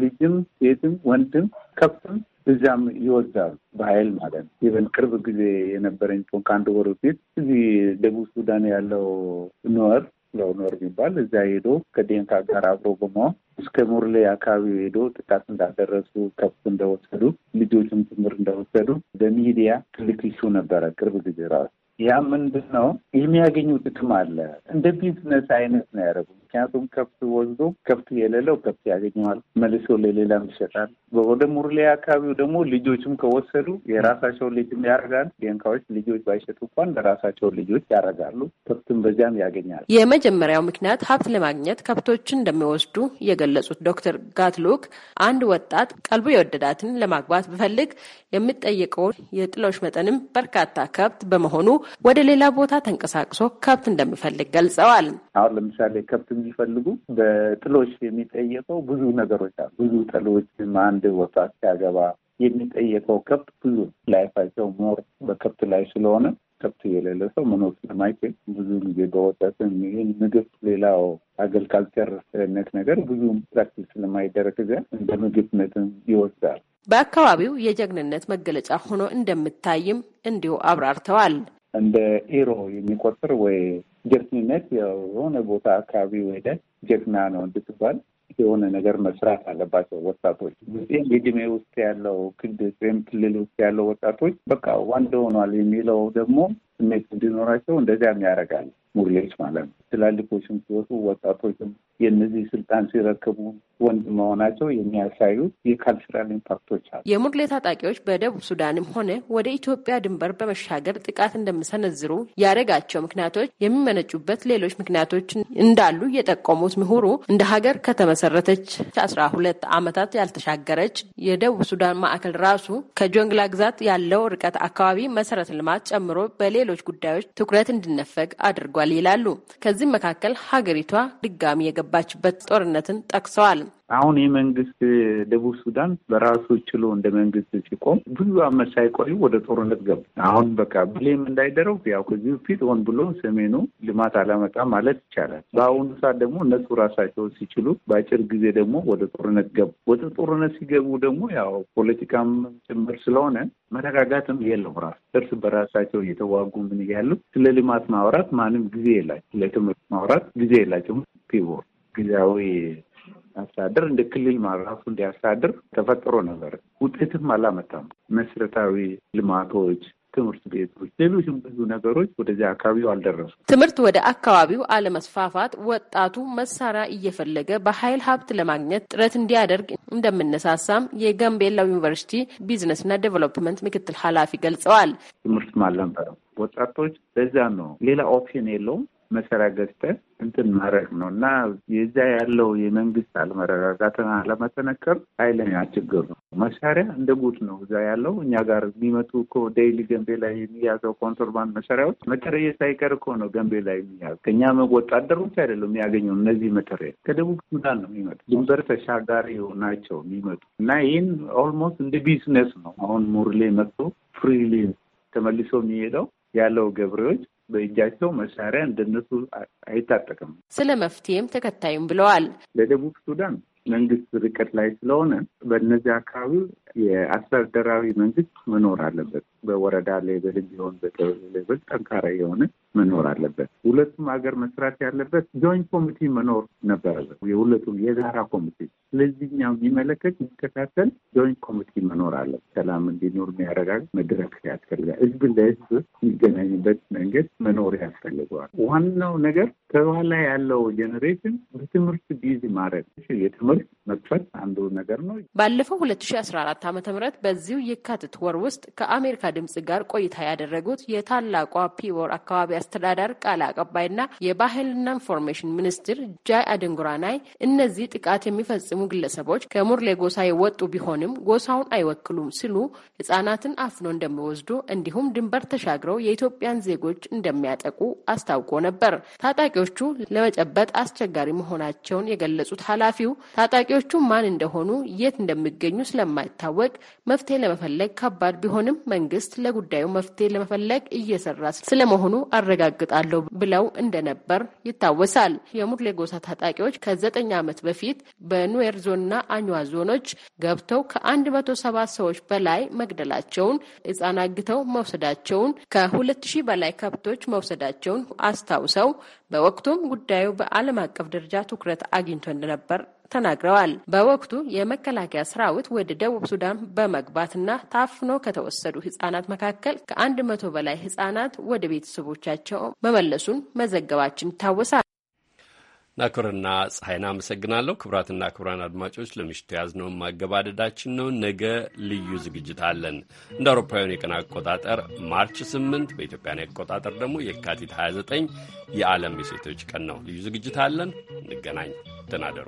ልጅም ሴትም ወንድም ከብትም እዛም ይወዛሉ በኃይል ማለት ነው። ይበን ቅርብ ጊዜ የነበረኝ ከአንድ ወር ፊት እዚህ ደቡብ ሱዳን ያለው ኖር ለኖር የሚባል እዛ ሄዶ ከዴንካ ጋር አብሮ በመሆን እስከ ሙርሌ አካባቢ ሄዶ ጥቃት እንዳደረሱ ከብት እንደወሰዱ ልጆችም ጭምር እንደወሰዱ በሚዲያ ትልቅ ይሹ ነበረ ቅርብ ጊዜ ራሱ ያ ምንድን ነው የሚያገኙ ጥቅም አለ። እንደ ቢዝነስ አይነት ነው ያደረጉ። ምክንያቱም ከብት ወስዶ ከብት የሌለው ከብት ያገኘዋል፣ መልሶ ለሌላም ይሸጣል። ወደ ሙርሌ አካባቢው ደግሞ ልጆችም ከወሰዱ የራሳቸው ልጅም ያደርጋል። ቢንካዎች ልጆች ባይሸጡ እንኳን ለራሳቸው ልጆች ያደርጋሉ። ከብትም በዚያም ያገኛል። የመጀመሪያው ምክንያት ሀብት ለማግኘት ከብቶችን እንደሚወስዱ የገለጹት ዶክተር ጋትሉክ አንድ ወጣት ቀልቡ የወደዳትን ለማግባት ብፈልግ የሚጠየቀውን የጥሎች መጠንም በርካታ ከብት በመሆኑ ወደ ሌላ ቦታ ተንቀሳቅሶ ከብት እንደሚፈልግ ገልጸዋል። አሁን ለምሳሌ ከብት የሚፈልጉ በጥሎች የሚጠየቀው ብዙ ነገሮች አሉ። ብዙ ጥሎች አንድ ወጣት ሲያገባ የሚጠየቀው ከብት ብዙ ላይፋቸው ሞር በከብት ላይ ስለሆነ ከብት የሌለ ሰው መኖር ስለማይችል ብዙ ጊዜ በወተትም ይህን ምግብ ሌላው አገልካልቸር አግሪካልቸርነት ነገር ብዙም ፕራክቲስ ስለማይደረግ እዚያ እንደ ምግብነትም ይወስዳል። በአካባቢው የጀግንነት መገለጫ ሆኖ እንደምታይም እንዲሁ አብራርተዋል። እንደ ሂሮ የሚቆጥር ወይ ጀግንነት የሆነ ቦታ አካባቢ ወደ ጀግና ነው እንድትባል የሆነ ነገር መስራት አለባቸው ወጣቶች። የእድሜ ውስጥ ያለው ክልል ወይም ክልል ውስጥ ያለው ወጣቶች በቃ ወንድ ሆኗል የሚለው ደግሞ ስሜት እንዲኖራቸው እንደዚያም ያደርጋል። ሙርሌች ማለት ነው። ትላልቆችም ሲወጡ ወጣቶችም የእነዚህ ስልጣን ሲረክቡ ወንድ መሆናቸው የሚያሳዩት የካልቸራል ኢምፓክቶች አሉ። የሙርሌ ታጣቂዎች በደቡብ ሱዳንም ሆነ ወደ ኢትዮጵያ ድንበር በመሻገር ጥቃት እንደሚሰነዝሩ ያደረጋቸው ምክንያቶች የሚመነጩበት ሌሎች ምክንያቶች እንዳሉ የጠቆሙት ምሁሩ እንደ ሀገር ከተመሰረተች አስራ ሁለት ዓመታት ያልተሻገረች የደቡብ ሱዳን ማዕከል ራሱ ከጆንግላ ግዛት ያለው ርቀት አካባቢ መሰረተ ልማት ጨምሮ በሌሎች ጉዳዮች ትኩረት እንዲነፈግ አድርጓል። አድርጓል ይላሉ። ከዚህም መካከል ሀገሪቷ ድጋሚ የገባችበት ጦርነትን ጠቅሰዋል። አሁን የመንግስት ደቡብ ሱዳን በራሱ ችሎ እንደ መንግስት ሲቆም ብዙ አመት ሳይቆዩ ወደ ጦርነት ገቡ። አሁን በቃ ብሌም እንዳይደረው ያው ከዚህ በፊት ሆን ብሎ ሰሜኑ ልማት አላመጣ ማለት ይቻላል። በአሁኑ ሰዓት ደግሞ እነሱ ራሳቸው ሲችሉ በአጭር ጊዜ ደግሞ ወደ ጦርነት ገቡ። ወደ ጦርነት ሲገቡ ደግሞ ያው ፖለቲካም ጭምር ስለሆነ መረጋጋትም የለው ራሱ እርስ በራሳቸው እየተዋጉ ምን ያሉት ስለ ልማት ማውራት ማንም ጊዜ የላቸው፣ ለትምህርት ማውራት ጊዜ የላቸው ፒቦር ጊዜያዊ አስተዳደር እንደ ክልል ራሱ እንዲያስተዳድር ተፈጥሮ ነበር። ውጤትም አላመጣም። መሰረታዊ ልማቶች ትምህርት ቤቶች፣ ሌሎችም ብዙ ነገሮች ወደዚያ አካባቢው አልደረሱ። ትምህርት ወደ አካባቢው አለመስፋፋት ወጣቱ መሳሪያ እየፈለገ በኃይል ሀብት ለማግኘት ጥረት እንዲያደርግ እንደምነሳሳም የጋምቤላ ዩኒቨርሲቲ ቢዝነስና ዴቨሎፕመንት ምክትል ኃላፊ ገልጸዋል። ትምህርት አልነበረም። ወጣቶች በዛ ነው ሌላ ኦፕሽን የለውም መሰሪያ ገዝተን እንትን ማድረግ ነው እና የዛ ያለው የመንግስት አለመረጋጋትን አለመጠነከር ኃይለኛ ችግር ነው። መሳሪያ እንደ ጉድ ነው እዛ ያለው። እኛ ጋር የሚመጡ እኮ ዴይሊ ገንቤ ላይ የሚያዘው ኮንትሮባንድ መሳሪያዎች መጠረየ ሳይቀር እኮ ነው ገንቤ ላይ የሚያዝ ከእኛ ወታደር ብቻ አይደለም የሚያገኘው። እነዚህ መተሪያ ከደቡብ ሱዳን ነው የሚመጡ ድንበር ተሻጋሪ ናቸው የሚመጡ እና ይህን ኦልሞስት እንደ ቢዝነስ ነው አሁን ሙርሌ መጥቶ ፍሪሊ ተመልሶ የሚሄደው ያለው ገበሬዎች በእጃቸው መሳሪያ እንደነሱ አይታጠቅም። ስለ መፍትሄም ተከታዩም ብለዋል። ለደቡብ ሱዳን መንግስት ርቀት ላይ ስለሆነ በእነዚህ አካባቢ የአስተዳደራዊ መንግስት መኖር አለበት። በወረዳ ሌብል ቢሆን በቀበሌ ሌብል ጠንካራ የሆነ መኖር አለበት። ሁለቱም ሀገር መስራት ያለበት ጆይንት ኮሚቲ መኖር ነበረበት። የሁለቱም የጋራ ኮሚቲ ስለዚህኛው የሚመለከት የሚከታተል ጆይንት ኮሚቲ መኖር አለበት። ሰላም እንዲኖር የሚያረጋግጥ መድረክ ያስፈልጋል። ህዝብ ለህዝብ የሚገናኝበት መንገድ መኖር ያስፈልገዋል። ዋናው ነገር ከኋላ ያለው ጄኔሬሽን በትምህርት ቢዚ ማድረግ የትምህርት መክፈት አንዱ ነገር ነው። ባለፈው ሁለት ሺ አስራ አራት ዓመተ ምህረት በዚሁ የካቲት ወር ውስጥ ከአሜሪካ ድምጽ ጋር ቆይታ ያደረጉት የታላቋ ፒቦር አካባቢ አስተዳደር ቃል አቀባይና የባህልና ኢንፎርሜሽን ሚኒስትር ጃይ አደንጉራናይ እነዚህ ጥቃት የሚፈጽሙ ግለሰቦች ከሙርሌ ጎሳ የወጡ ቢሆንም ጎሳውን አይወክሉም ሲሉ ህጻናትን አፍኖ እንደሚወስዱ እንዲሁም ድንበር ተሻግረው የኢትዮጵያን ዜጎች እንደሚያጠቁ አስታውቆ ነበር። ታጣቂዎቹ ለመጨበጥ አስቸጋሪ መሆናቸውን የገለጹት ኃላፊው ታጣቂዎቹ ማን እንደሆኑ፣ የት እንደሚገኙ ስለማይታወቅ መፍትሄ ለመፈለግ ከባድ ቢሆንም መንግስት መንግስት ለጉዳዩ መፍትሄ ለመፈለግ እየሰራ ስለመሆኑ አረጋግጣለሁ ብለው እንደነበር ይታወሳል። የሙርሌ ጎሳ ታጣቂዎች ከዘጠኝ ዓመት በፊት በኑዌር ዞንና አኟ ዞኖች ገብተው ከአንድ መቶ ሰባ ሰዎች በላይ መግደላቸውን፣ ህጻን አግተው መውሰዳቸውን፣ ከሁለት ሺህ በላይ ከብቶች መውሰዳቸውን አስታውሰው በወቅቱም ጉዳዩ በዓለም አቀፍ ደረጃ ትኩረት አግኝቶ እንደነበር ተናግረዋል። በወቅቱ የመከላከያ ሰራዊት ወደ ደቡብ ሱዳን በመግባትና ታፍኖ ከተወሰዱ ህጻናት መካከል ከአንድ መቶ በላይ ህጻናት ወደ ቤተሰቦቻቸው መመለሱን መዘገባችን ይታወሳል። ናኮርና ፀሐይና አመሰግናለሁ። ክቡራትና ክቡራን አድማጮች ለምሽቱ ያዝነውን ማገባደዳችን ነው። ነገ ልዩ ዝግጅት አለን። እንደ አውሮፓውያኑ የቀን አቆጣጠር ማርች 8 በኢትዮጵያን አቆጣጠር ደግሞ የካቲት 29 የዓለም የሴቶች ቀን ነው። ልዩ ዝግጅት አለን። እንገናኝ። ደህና እደሩ።